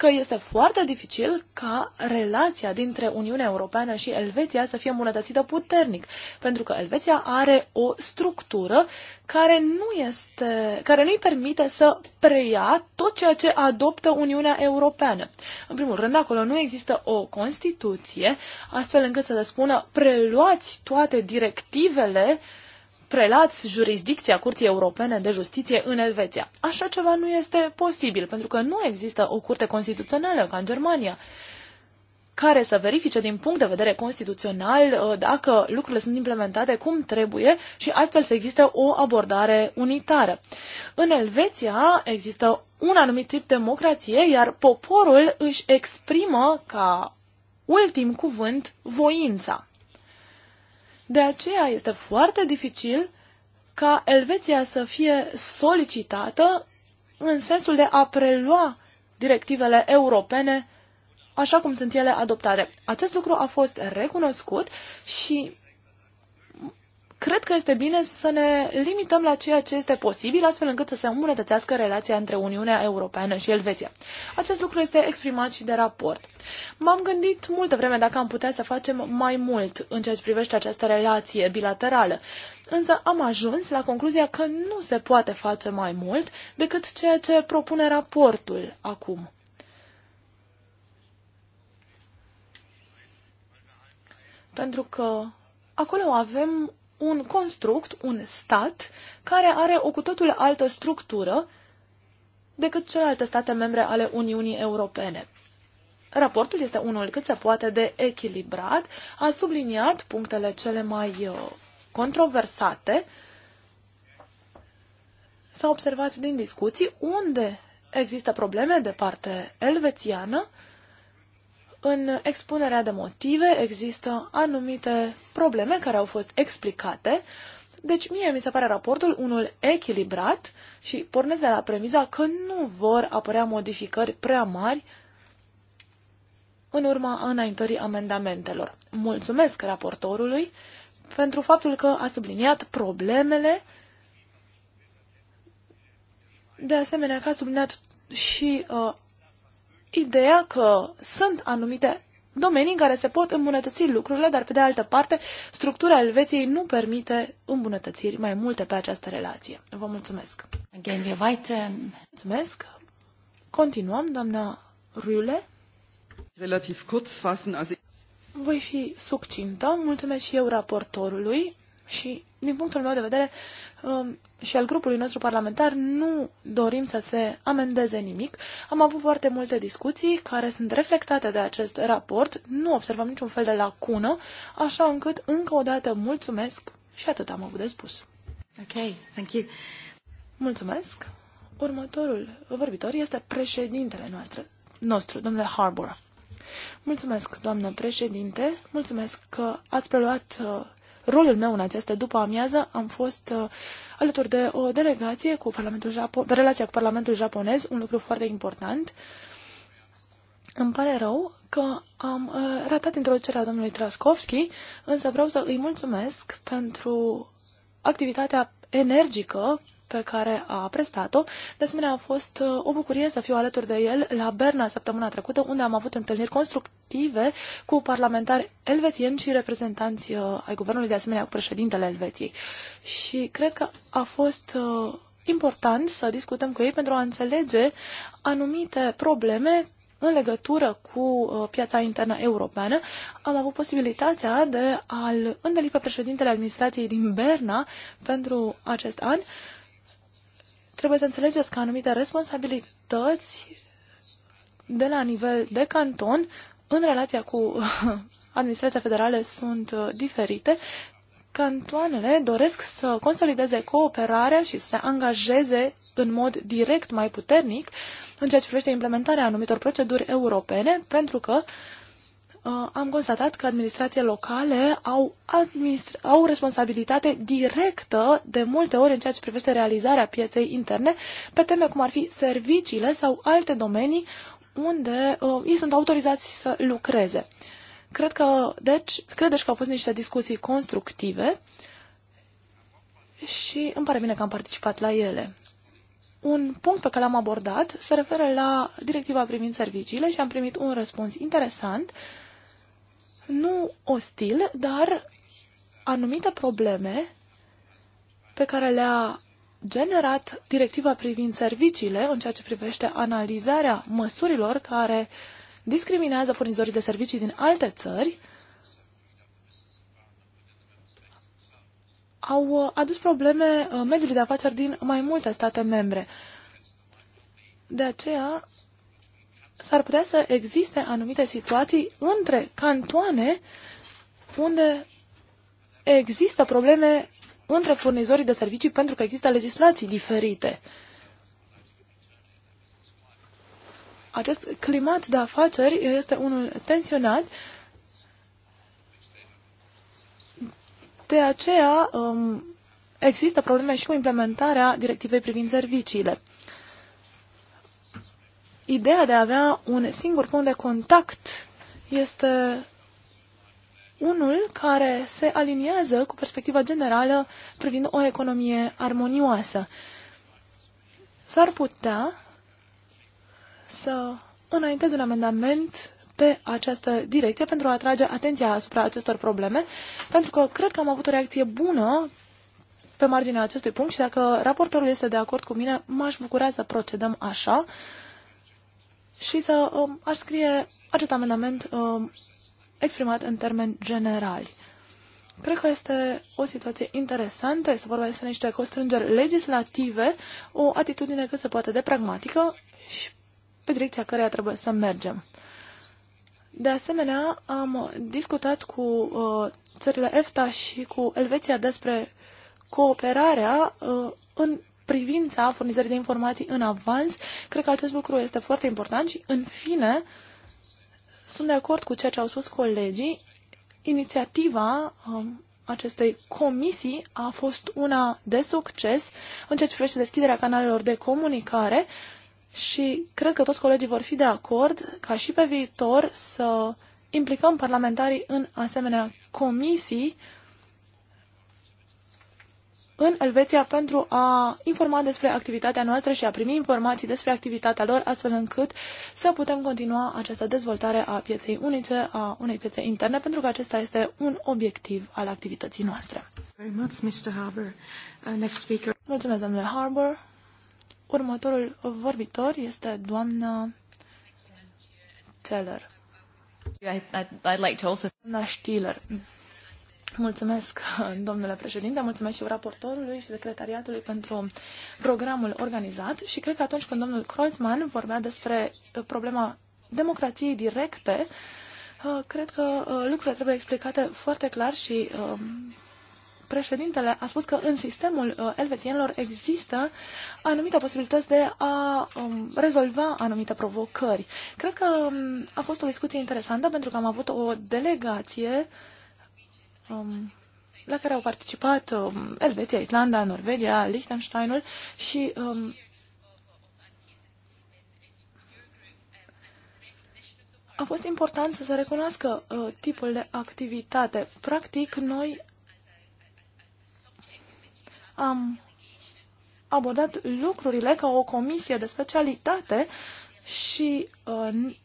că este foarte dificil ca relația dintre Uniunea Europeană și Elveția să fie îmbunătățită puternic, pentru că Elveția are o structură care nu este, care nu-i permite să preia tot ceea ce adoptă Uniunea Europeană. În primul rând, acolo nu există o Constituție, astfel încât să le spună preluați toate directivele uh, prelați jurisdicția Curții Europene de Justiție în Elveția. Așa ceva nu este posibil, pentru că nu există o curte constituțională ca în Germania care să verifice din punct de vedere constituțional uh, dacă lucrurile sunt implementate cum trebuie și astfel să existe o abordare unitară. În Elveția există un anumit tip de democrație, iar poporul își exprimă ca ultim cuvânt voința. De aceea este foarte dificil ca Elveția să fie solicitată în sensul de a prelua directivele europene așa cum sunt ele adoptate. Acest lucru a fost recunoscut și cred că este bine să ne limităm la ceea ce este posibil, astfel încât să se îmbunătățească relația între Uniunea Europeană și Elveția. Acest lucru este exprimat și de raport. M-am gândit multă vreme dacă am putea să facem mai mult în ceea ce privește această relație bilaterală, însă am ajuns la concluzia că nu se poate face mai mult decât ceea ce propune raportul acum. Pentru că acolo avem un construct, un stat, care are o cu totul altă structură decât celelalte state membre ale Uniunii Europene. Raportul este unul cât se poate de echilibrat, a subliniat punctele cele mai uh, controversate. S-a observat din discuții unde există probleme de parte elvețiană în expunerea de motive există anumite probleme care au fost explicate, deci mie mi se pare raportul unul echilibrat și pornesc de la premiza că nu vor apărea modificări prea mari în urma înaintării amendamentelor. Mulțumesc raportorului pentru faptul că a subliniat problemele, de asemenea că a subliniat și uh, ideea că sunt anumite domenii în care se pot îmbunătăți lucrurile, dar pe de altă parte, structura Elveției nu permite îmbunătățiri mai multe pe această relație. Vă mulțumesc! Again, we invite... Um, mulțumesc! Continuăm, doamna Rule. Relativ kurz fassen, azi... Voi fi succintă, mulțumesc și eu raportorului și din punctul meu de vedere um, și al grupului nostru parlamentar, nu dorim să se amendeze nimic. Am avut foarte multe discuții care sunt reflectate de acest raport. Nu observăm niciun fel de lacună, așa încât, încă o dată, mulțumesc și atât am avut de spus. Ok, thank you. Mulțumesc. Următorul vorbitor este președintele noastră, nostru, domnule Harbour. Mulțumesc, doamnă președinte, mulțumesc că ați preluat uh, rolul meu în această după amiază am fost uh, alături de o delegație cu Parlamentul Japo- de relația cu Parlamentul japonez, un lucru foarte important. Îmi pare rău că am uh, ratat introducerea domnului Traskovski, însă vreau să îi mulțumesc pentru activitatea energică pe care a prestat-o. De asemenea, a fost uh, o bucurie să fiu alături de el la Berna săptămâna trecută, unde am avut întâlniri constructive cu parlamentari elvețieni și reprezentanți uh, ai guvernului, de asemenea cu președintele Elveției. Și cred că a fost uh, important să discutăm cu ei pentru a înțelege anumite probleme în legătură cu piața internă europeană, am avut posibilitatea de a-l îndeli pe președintele administrației din Berna pentru acest an Trebuie să înțelegeți că anumite responsabilități de la nivel de canton în relația cu administrația federală sunt uh, diferite. Cantoanele doresc să consolideze cooperarea și să se angajeze în mod direct mai puternic în ceea ce privește implementarea anumitor proceduri europene, pentru că uh, Uh, am constatat că administrațiile locale au, administra- au responsabilitate directă de multe ori în ceea ce privește realizarea pieței interne pe teme cum ar fi serviciile sau alte domenii unde uh, ei sunt autorizați să lucreze. Cred că, deci, credeți deci că au fost niște discuții constructive și îmi pare bine că am participat la ele. Un punct pe care l-am abordat se referă la directiva privind serviciile și am primit un răspuns interesant uh, nu ostil, dar anumite probleme pe care le-a generat directiva privind serviciile în ceea ce privește analizarea măsurilor care discriminează furnizorii de servicii din alte țări, au adus probleme uh, mediului de afaceri din mai multe state membre. De aceea, s-ar putea să existe anumite situații între cantoane unde există probleme între furnizorii de servicii pentru că există legislații diferite. Acest climat de afaceri este unul tensionat, de aceea um, există probleme și cu implementarea directivei privind serviciile ideea de a avea un singur punct de contact este unul care se aliniază cu perspectiva generală privind o economie armonioasă. S-ar putea să înaintez un amendament pe această direcție pentru a atrage atenția asupra acestor probleme, pentru că cred că am avut o reacție bună pe marginea acestui punct și dacă raportorul este de acord cu mine, m-aș bucura să procedăm așa. Uh, și să um, aș scrie acest amendament um, exprimat în termeni generali. Cred că este o situație interesantă, este vorba despre niște constrângeri legislative, o atitudine cât se poate de pragmatică și pe direcția căreia trebuie să mergem. De asemenea, am discutat cu uh, țările EFTA și cu Elveția despre cooperarea uh, în privința furnizării de informații în avans. Cred că acest lucru este foarte important și, în fine, sunt de acord cu ceea ce au spus colegii. Inițiativa um, acestei comisii a fost una de succes în ceea ce privește deschiderea canalelor de comunicare și cred că toți colegii vor fi de acord ca și pe viitor să implicăm parlamentarii în asemenea comisii în Elveția pentru a informa despre activitatea noastră și a primi informații despre activitatea lor, astfel încât să putem continua această dezvoltare a pieței unice, a unei piețe interne, pentru că acesta este un obiectiv al activității noastre. Uh, Mulțumesc, domnule Harbour. Următorul vorbitor este doamna Teller. Doamna Stiller. Mulțumesc, domnule președinte, mulțumesc și raportorului și secretariatului pentru programul organizat și cred că atunci când domnul Kreuzmann vorbea despre problema democrației directe, uh, cred că uh, lucrurile trebuie explicate foarte clar și um, președintele a spus că în sistemul uh, elvețienilor există anumite posibilități de a um, rezolva anumite provocări. Cred că um, a fost o discuție interesantă pentru că am avut o delegație uh, um, la care au participat um, Elveția, Islanda, Norvegia, Liechtensteinul și um, a fost important să se recunoască uh, tipul de activitate. Practic, noi am abordat lucrurile ca o comisie de specialitate și uh,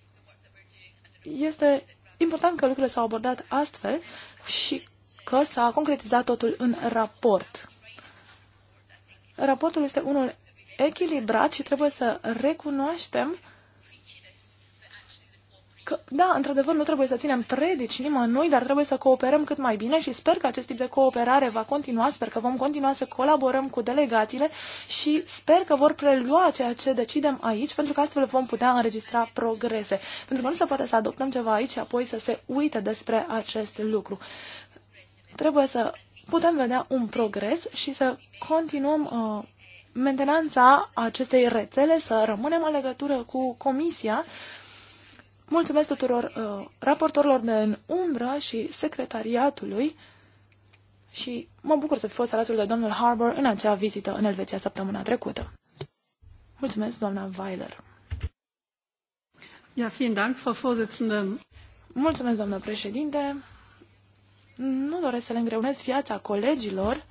este important că lucrurile s-au abordat astfel și că s-a concretizat totul în raport. Raportul este unul echilibrat și trebuie să recunoaștem că, da, într-adevăr, nu trebuie să ținem predici nimănui, dar trebuie să cooperăm cât mai bine și sper că acest tip de cooperare va continua, sper că vom continua să colaborăm cu delegațiile și sper că vor prelua ceea ce decidem aici, pentru că astfel vom putea înregistra progrese. Pentru că nu se poate să adoptăm ceva aici și apoi să se uite despre acest lucru trebuie să putem vedea un progres și să continuăm uh, mentenanța acestei rețele, să rămânem în legătură cu Comisia. Mulțumesc tuturor uh, raportorilor din umbră și secretariatului și mă bucur să fi fost alături de domnul Harbour în acea vizită în Elveția săptămâna trecută. Mulțumesc, doamna Weiler. Ja, vielen Dank, Frau Vorsitzende. Mulțumesc, doamnă președinte. Nu doresc să le îngreunez viața colegilor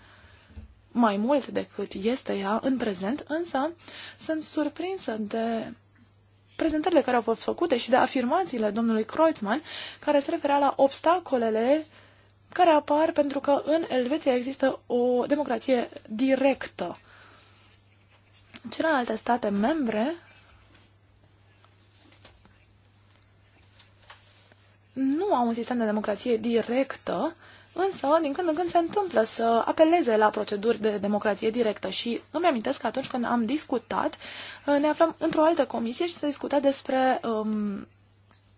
mai mult decât este ea în prezent, însă sunt surprinsă de prezentările care au fost făcute și de afirmațiile domnului Kreutzmann, care se referea la obstacolele care apar pentru că în Elveția există o democrație directă. Celelalte state membre nu au un sistem de democrație directă, însă din când în când se întâmplă să apeleze la proceduri de democrație directă și îmi amintesc că atunci când am discutat, uh, ne aflam într-o altă comisie și se discuta despre um,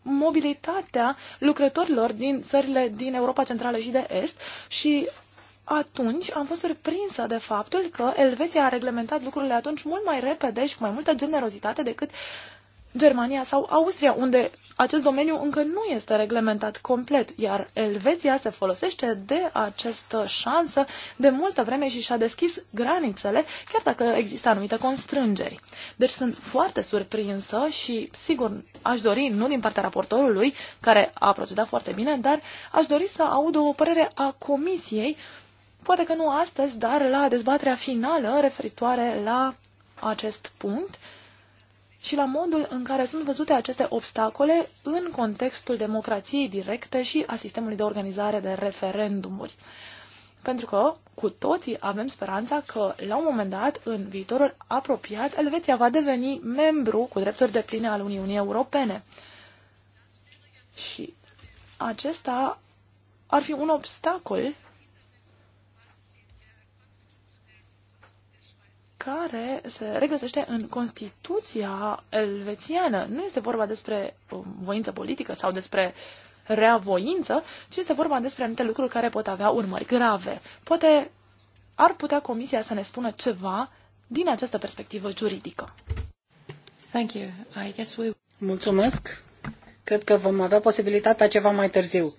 mobilitatea lucrătorilor din țările din Europa Centrală și de Est și atunci am fost surprinsă de faptul că Elveția a reglementat lucrurile atunci mult mai repede și cu mai multă generozitate decât Germania sau Austria, unde acest domeniu încă nu este reglementat complet, iar Elveția se folosește de această șansă de multă vreme și și-a deschis granițele, chiar dacă există anumite constrângeri. Deci sunt foarte surprinsă și, sigur, aș dori, nu din partea raportorului, care a procedat foarte bine, dar aș dori să aud o părere a Comisiei, poate că nu astăzi, dar la dezbaterea finală referitoare la acest punct și la modul în care sunt văzute aceste obstacole în contextul democrației directe și a sistemului de organizare de referendumuri. Pentru că cu toții avem speranța că, la un moment dat, în viitorul apropiat, Elveția va deveni membru cu drepturi de pline al Uniunii Europene. Și acesta ar fi un obstacol care se regăsește în Constituția elvețiană. Nu este vorba despre um, voință politică sau despre reavoință, ci este vorba despre anumite lucruri care pot avea urmări grave. Poate ar putea Comisia să ne spună ceva din această perspectivă juridică. Thank you. I guess we... Mulțumesc. Cred că vom avea posibilitatea ceva mai târziu.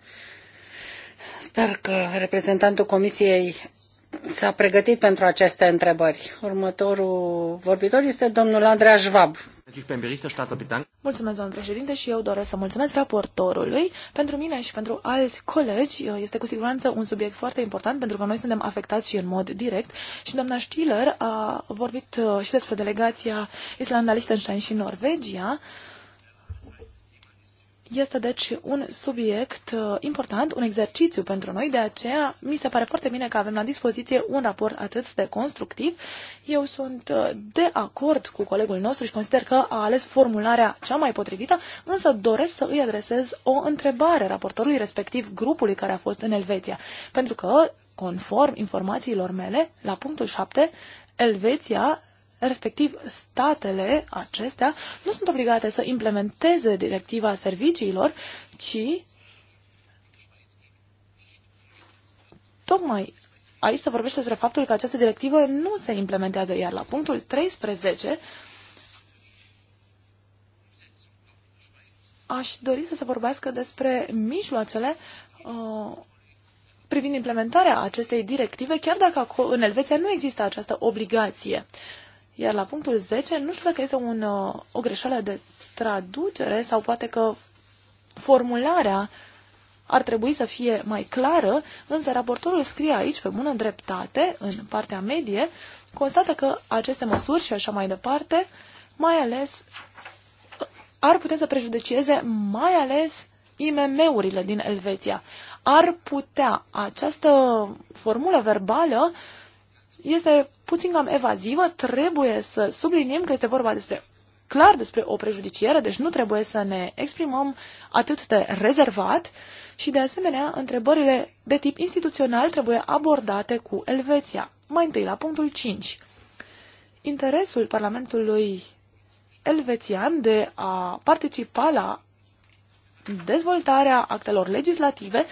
Sper că reprezentantul Comisiei s-a pregătit pentru aceste întrebări. Următorul vorbitor este domnul Andreea Schwab. Mulțumesc, domnul președinte, și eu doresc să mulțumesc raportorului. Pentru mine și pentru alți colegi uh, este cu siguranță un subiect foarte important, pentru că noi suntem afectați și în mod direct. Și doamna Stiller a vorbit uh, și despre delegația Islanda, Liechtenstein și Norvegia. Este deci un subiect uh, important, un exercițiu pentru noi, de aceea mi se pare foarte bine că avem la dispoziție un raport atât de constructiv. Eu sunt uh, de acord cu colegul nostru și consider că a ales formularea cea mai potrivită, însă doresc să îi adresez o întrebare raportorului, respectiv grupului care a fost în Elveția, pentru că, conform informațiilor mele, la punctul 7, Elveția respectiv statele acestea nu sunt obligate să implementeze directiva serviciilor, ci tocmai aici se vorbește despre faptul că această directivă nu se implementează, iar la punctul 13 aș dori să se vorbească despre mijloacele uh, privind implementarea acestei directive, chiar dacă în Elveția nu există această obligație. Uh, iar la punctul 10, nu știu dacă este un, uh, o greșeală de traducere sau poate că formularea ar trebui să fie mai clară, însă raportorul scrie aici, pe bună dreptate, în partea medie, constată că aceste măsuri și așa mai departe, mai ales ar putea să prejudecieze mai ales IMM-urile din Elveția. Ar putea această formulă verbală uh, este puțin cam evazivă, trebuie să subliniem că este vorba despre clar despre o prejudiciere, deci nu trebuie să ne exprimăm atât de rezervat și, de asemenea, întrebările de tip instituțional trebuie abordate cu Elveția. Mai întâi, la punctul 5. Interesul Parlamentului elvețian de a participa la dezvoltarea actelor legislative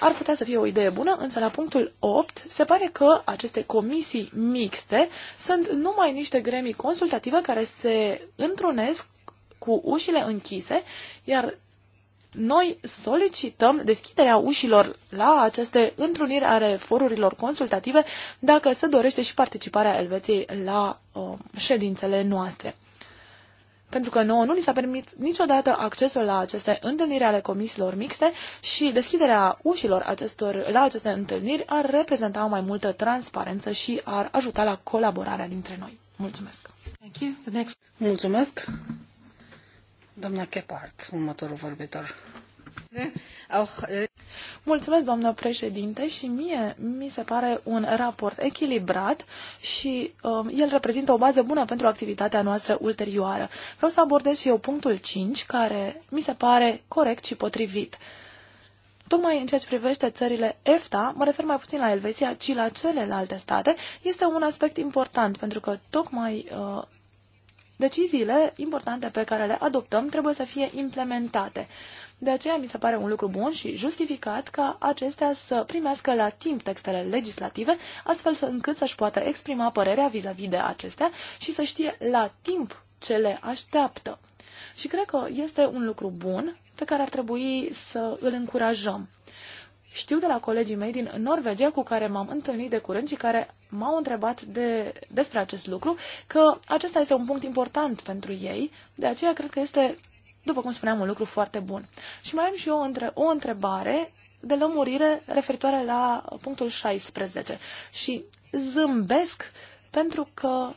ar putea să fie o idee bună, însă la punctul 8 se pare că aceste comisii mixte sunt numai niște gremii consultative care se întrunesc cu ușile închise, iar noi solicităm deschiderea ușilor la aceste întruniri ale forurilor consultative dacă se dorește și participarea Elveției la uh, ședințele noastre pentru că nouă nu ni s-a permis niciodată accesul la aceste întâlniri ale comisiilor mixte și deschiderea ușilor acestor, la aceste întâlniri ar reprezenta mai multă transparență și ar ajuta la colaborarea dintre noi. Mulțumesc! Thank you. The next... Mulțumesc! Doamna Kepart, următorul vorbitor. Äh, Mulțumesc, doamnă președinte, și mie mi se pare un raport echilibrat și um, el reprezintă o bază bună pentru activitatea noastră ulterioară. Vreau să abordez și eu punctul 5, care mi se pare corect și potrivit. Tocmai în ceea ce privește țările EFTA, mă refer mai puțin la Elveția, ci la celelalte state, este un aspect important, pentru că tocmai uh, deciziile importante pe care le adoptăm trebuie să fie implementate. De aceea mi se pare un lucru bun și justificat ca acestea să primească la timp textele legislative, astfel să încât să-și poată exprima părerea vis-a-vis -vis de acestea și să știe la timp ce le așteaptă. Și cred că este un lucru bun pe care ar trebui să îl încurajăm. Știu de la colegii mei din Norvegia cu care m-am întâlnit de curând și care m-au întrebat de, despre acest lucru, că acesta este un punct important pentru ei, de aceea cred că este după cum spuneam, un lucru foarte bun. Și mai am și eu între, o întrebare de lămurire referitoare la punctul 16. Și zâmbesc pentru că,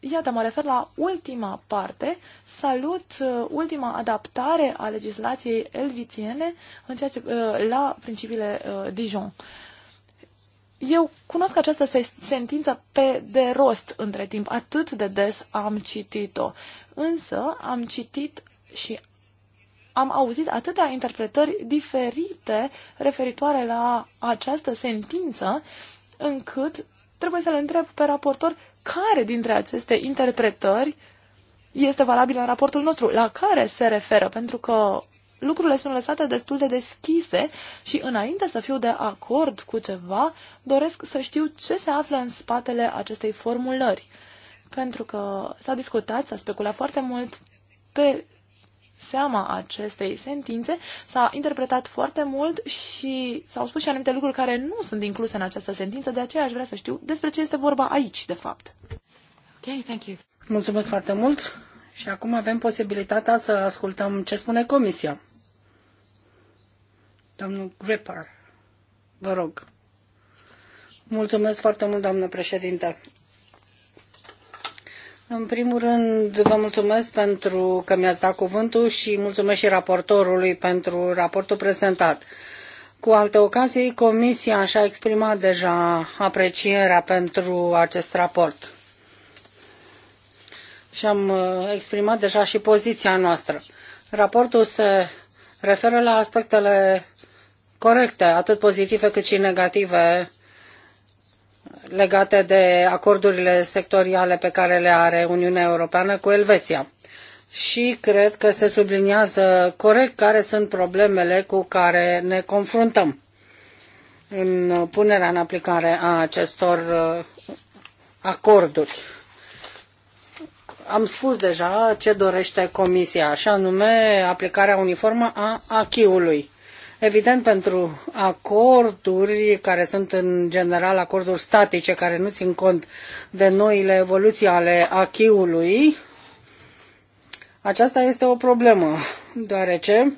iată, mă refer la ultima parte, salut uh, ultima adaptare a legislației elvițiene în ceea ce, uh, la principiile uh, Dijon. Eu cunosc această sentință pe de rost între timp, atât de des am citit-o. Însă am citit și am auzit atâtea interpretări diferite referitoare la această sentință, încât trebuie să le întreb pe raportor care dintre aceste interpretări este valabilă în raportul nostru, la care se referă, pentru că lucrurile sunt lăsate destul de deschise și înainte să fiu de acord cu ceva, doresc să știu ce se află în spatele acestei formulări. Pentru că s-a discutat, s-a speculat foarte mult pe seama acestei sentințe, s-a interpretat foarte mult și s-au spus și anumite lucruri care nu sunt incluse în această sentință, de aceea aș vrea să știu despre ce este vorba aici, de fapt. Ok, thank you. Mulțumesc foarte mult. Și acum avem posibilitatea să ascultăm ce spune Comisia. Domnul Gripper, vă rog. Mulțumesc foarte mult, doamnă președinte. În primul rând, vă mulțumesc pentru că mi-ați dat cuvântul și mulțumesc și raportorului pentru raportul prezentat. Cu alte ocazii, Comisia și-a exprimat deja aprecierea pentru acest raport și am uh, exprimat deja și poziția noastră. Raportul se referă la aspectele corecte, atât pozitive cât și negative, legate de acordurile sectoriale pe care le are Uniunea Europeană cu Elveția. Și cred că se subliniază corect care sunt problemele cu care ne confruntăm în punerea în aplicare a acestor uh, acorduri am spus deja ce dorește Comisia, așa nume aplicarea uniformă a achiului. Evident, pentru acorduri care sunt în general acorduri statice, care nu țin cont de noile evoluții ale achiului, aceasta este o problemă, deoarece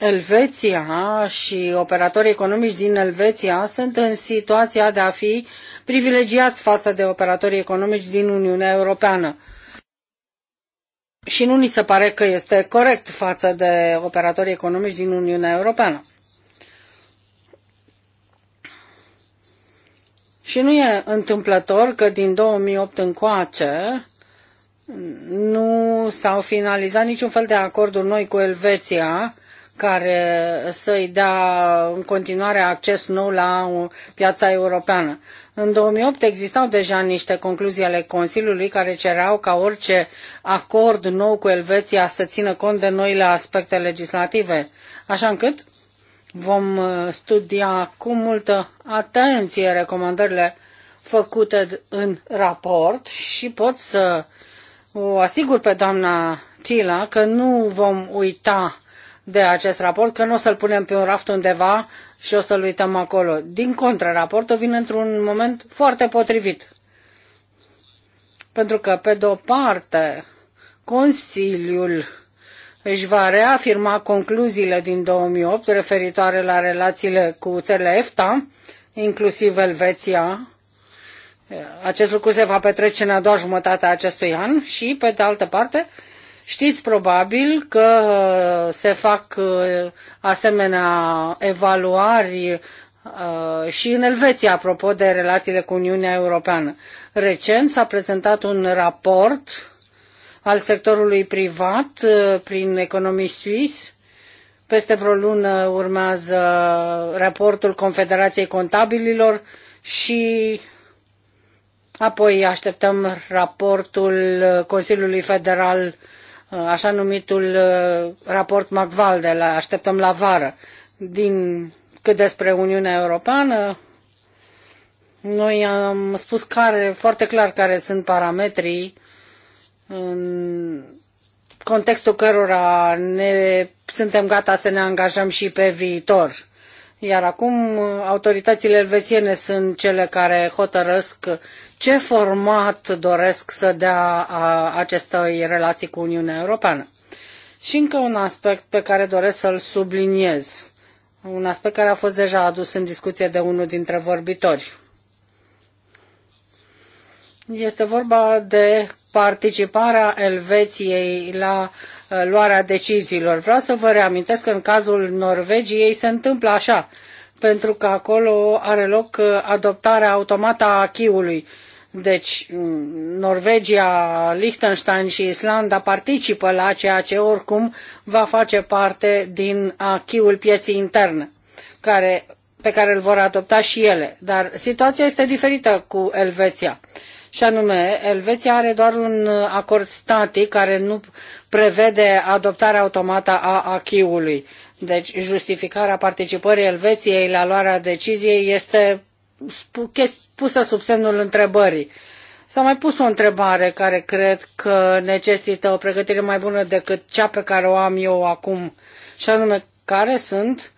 Elveția și operatorii economici din Elveția sunt în situația de a fi privilegiați față de operatorii economici din Uniunea Europeană. Și nu ni se pare că este corect față de operatorii economici din Uniunea Europeană. Și nu e întâmplător că din 2008 încoace nu s-au finalizat niciun fel de acorduri noi cu Elveția, care să-i dea în continuare acces nou la piața europeană. În 2008 existau deja niște concluzii ale Consiliului care cereau ca orice acord nou cu Elveția să țină cont de noile aspecte legislative, așa încât vom uh, studia cu multă atenție recomandările făcute în raport și pot să o asigur pe doamna Tila că nu vom uita de acest raport, că nu o să-l punem pe un raft undeva și o să-l uităm acolo. Din contră, raportul vine într-un moment foarte potrivit. Pentru că, pe de-o parte, Consiliul își va reafirma concluziile din 2008 referitoare la relațiile cu țările EFTA, inclusiv Elveția. Acest lucru se va petrece în a doua jumătate a acestui an și, pe de altă parte, Știți probabil că uh, se fac uh, asemenea evaluări uh, și în Elveția, apropo de relațiile cu Uniunea Europeană. Recent s-a prezentat un raport al sectorului privat prin economiști suisi. Peste vreo lună urmează raportul Confederației Contabililor și apoi așteptăm raportul Consiliului Federal Uh, așa numitul uh, raport McVal de la Așteptăm la vară. Din cât despre Uniunea Europeană, noi am spus care, foarte clar care sunt parametrii în contextul cărora ne, suntem gata să ne angajăm și pe viitor iar acum autoritățile elvețiene sunt cele care hotărăsc ce format doresc să dea acestei relații cu Uniunea Europeană. Și încă un aspect pe care doresc să-l subliniez, un aspect care a fost deja adus în discuție de unul dintre vorbitori. Este vorba de participarea Elveției la Uh, luarea deciziilor. Vreau să vă reamintesc că în cazul Norvegiei se întâmplă așa, pentru că acolo are loc uh, adoptarea automată a achiului. Deci mm, Norvegia, Liechtenstein și Islanda participă la ceea ce oricum va face parte din achiul pieții interne, care, pe care îl vor adopta și ele. Dar situația este diferită cu Elveția. Uh, și anume Elveția are doar un uh, acord static care nu prevede adoptarea automată a acquis-ului. Deci justificarea participării Elveției la luarea deciziei este pusă sub semnul întrebării. S-a mai pus o întrebare care cred că necesită o pregătire mai bună decât cea pe care o am eu acum, și anume care sunt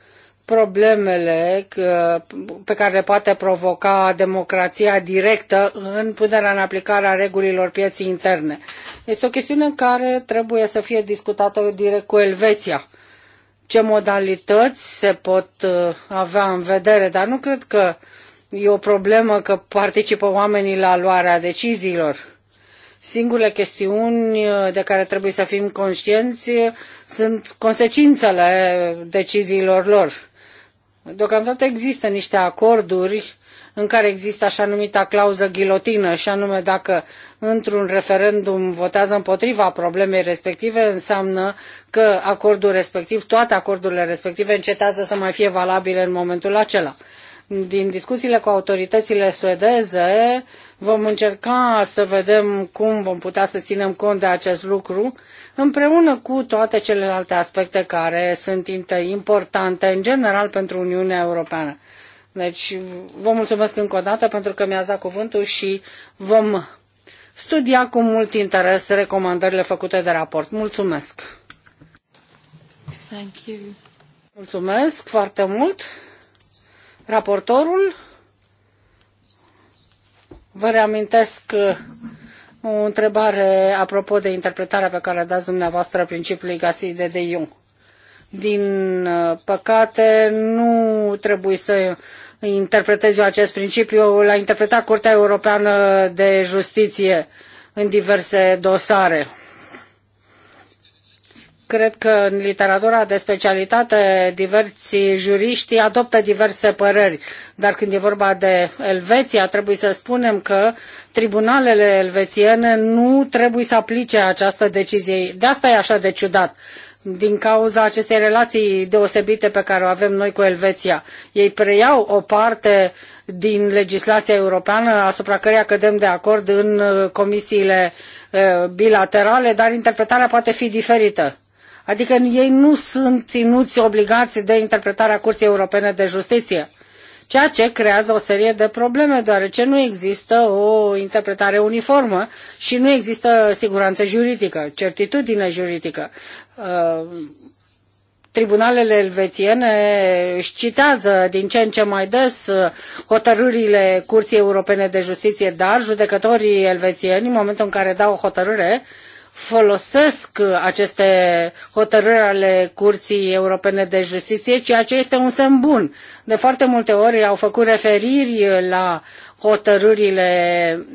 problemele pe care le poate provoca democrația directă în punerea în aplicare a regulilor pieții interne. Este o chestiune în care trebuie să fie discutată direct cu Elveția. Ce modalități se pot uh, avea în vedere, dar nu cred că e o problemă că participă oamenii la luarea deciziilor. Singurele chestiuni uh, de care trebuie să fim conștienți uh, sunt consecințele deciziilor lor Deocamdată există niște acorduri în care există așa numita clauză ghilotină, și anume dacă într-un referendum votează împotriva problemei respective, înseamnă că acordul respectiv, toate acordurile respective încetează să mai fie valabile în momentul acela din discuțiile cu autoritățile suedeze vom încerca să vedem cum vom putea să ținem cont de acest lucru împreună cu toate celelalte aspecte care sunt importante în general pentru Uniunea Europeană. Deci vă mulțumesc încă o dată pentru că mi-ați dat cuvântul și vom studia cu mult interes recomandările făcute de raport. Mulțumesc! Mulțumesc foarte mult! Raportorul, vă reamintesc uh, o întrebare apropo de interpretarea pe care a dat dumneavoastră principiului de de Jung. Din uh, păcate, nu trebuie să interpretez eu acest principiu. L-a interpretat Curtea Europeană de Justiție în diverse dosare. Cred că în literatura de specialitate diversi juriști adoptă diverse păreri, dar când e vorba de Elveția, trebuie să spunem că tribunalele elvețiene nu trebuie să aplice această decizie. De asta e așa de ciudat din cauza acestei relații deosebite pe care o avem noi cu Elveția. Ei preiau o parte din legislația europeană asupra căreia cădem de acord în uh, comisiile uh, bilaterale, dar interpretarea poate fi diferită. Adică ei nu sunt ținuți obligați de interpretarea Curții Europene de Justiție, ceea ce creează o serie de probleme, deoarece nu există o interpretare uniformă și nu există siguranță juridică, certitudine juridică. Uh, tribunalele elvețiene își citează din ce în ce mai des uh, hotărârile Curții Europene de Justiție, dar judecătorii elvețieni, în momentul în care dau o hotărâre, folosesc aceste hotărâri ale Curții Europene de Justiție, ceea ce este un semn bun. De foarte multe ori au făcut referiri la hotărârile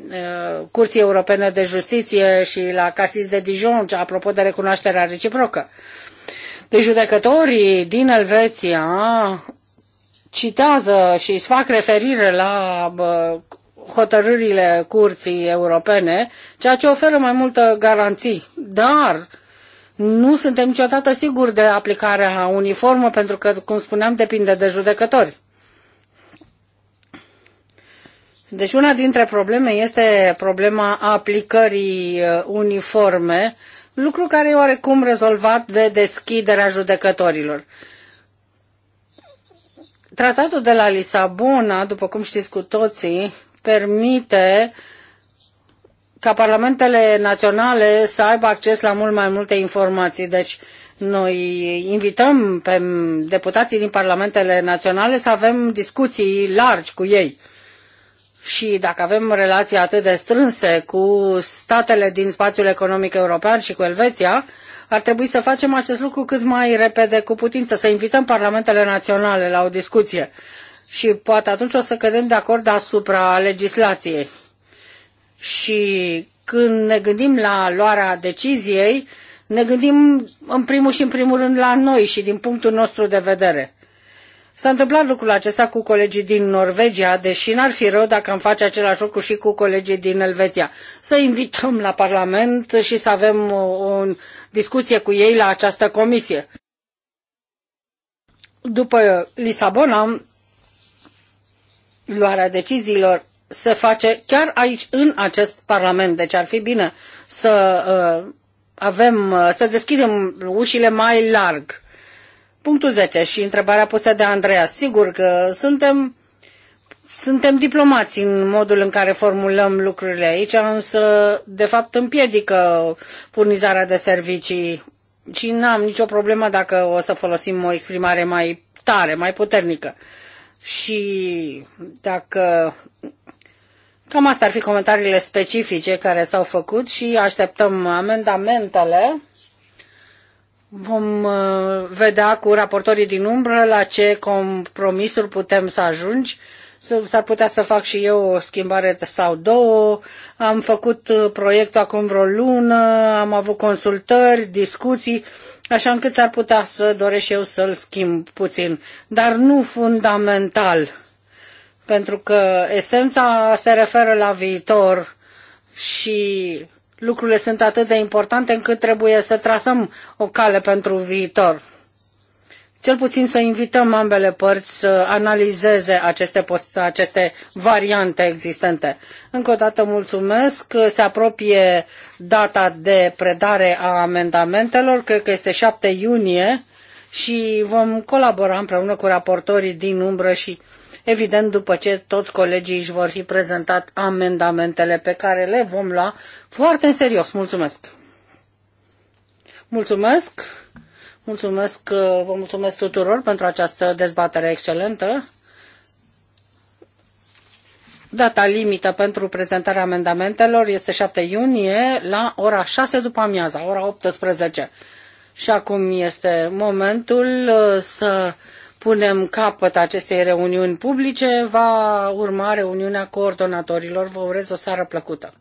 uh, Curții Europene de Justiție și la Casis de Dijon, apropo de recunoașterea reciprocă. Deci judecătorii din Elveția citează și îți fac referire la uh, hotărârile curții europene, ceea ce oferă mai multă garanții. Dar nu suntem niciodată siguri de aplicarea uniformă, pentru că, cum spuneam, depinde de judecători. Deci una dintre probleme este problema aplicării uh, uniforme, lucru care e oarecum rezolvat de deschiderea judecătorilor. Tratatul de la Lisabona, după cum știți cu toții, permite ca parlamentele naționale să aibă acces la mult mai multe informații. Deci noi invităm pe deputații din parlamentele naționale să avem discuții largi cu ei. Și dacă avem relații atât de strânse cu statele din spațiul economic european și cu Elveția, ar trebui să facem acest lucru cât mai repede cu putință, să invităm parlamentele naționale la o discuție și poate atunci o să cădem de acord asupra legislației. Și când ne gândim la luarea deciziei, ne gândim în primul și în primul rând la noi și din punctul nostru de vedere. S-a întâmplat lucrul acesta cu colegii din Norvegia, deși n-ar fi rău dacă am face același lucru și cu colegii din Elveția. Să invităm la Parlament și să avem o, o discuție cu ei la această comisie. După Lisabona, luarea deciziilor se face chiar aici, în acest Parlament. Deci ar fi bine să uh, avem, uh, să deschidem ușile mai larg. Punctul 10 și întrebarea pusă de Andreea. Sigur că suntem, suntem diplomați în modul în care formulăm lucrurile aici, însă de fapt împiedică furnizarea de servicii și n-am nicio problemă dacă o să folosim o exprimare mai tare, mai puternică. Uh, și dacă Cam asta ar fi comentariile specifice care s-au făcut și așteptăm amendamentele. Vom uh, vedea cu raportorii din umbră la ce compromisuri putem să ajungi. S-ar putea să fac și eu o schimbare sau două. Am făcut uh, proiectul acum vreo lună, am avut consultări, discuții așa încât s-ar putea să doresc eu să-l schimb puțin, dar nu fundamental, pentru că esența se referă la viitor și lucrurile sunt atât de importante încât trebuie să trasăm o cale pentru viitor cel puțin să invităm ambele părți să analizeze aceste, aceste variante existente. Încă o dată mulțumesc, se apropie data de predare a amendamentelor, cred că este 7 iunie și vom colabora împreună cu raportorii din umbră și evident după ce toți colegii își vor fi prezentat amendamentele pe care le vom lua foarte în serios. Mulțumesc! Mulțumesc! Mulțumesc, vă mulțumesc tuturor pentru această dezbatere excelentă. Data limită pentru prezentarea amendamentelor este 7 iunie la ora 6 după amiaza, ora 18. Și acum este momentul uh, să punem capăt acestei reuniuni publice. Va urma reuniunea coordonatorilor. Vă urez o seară plăcută.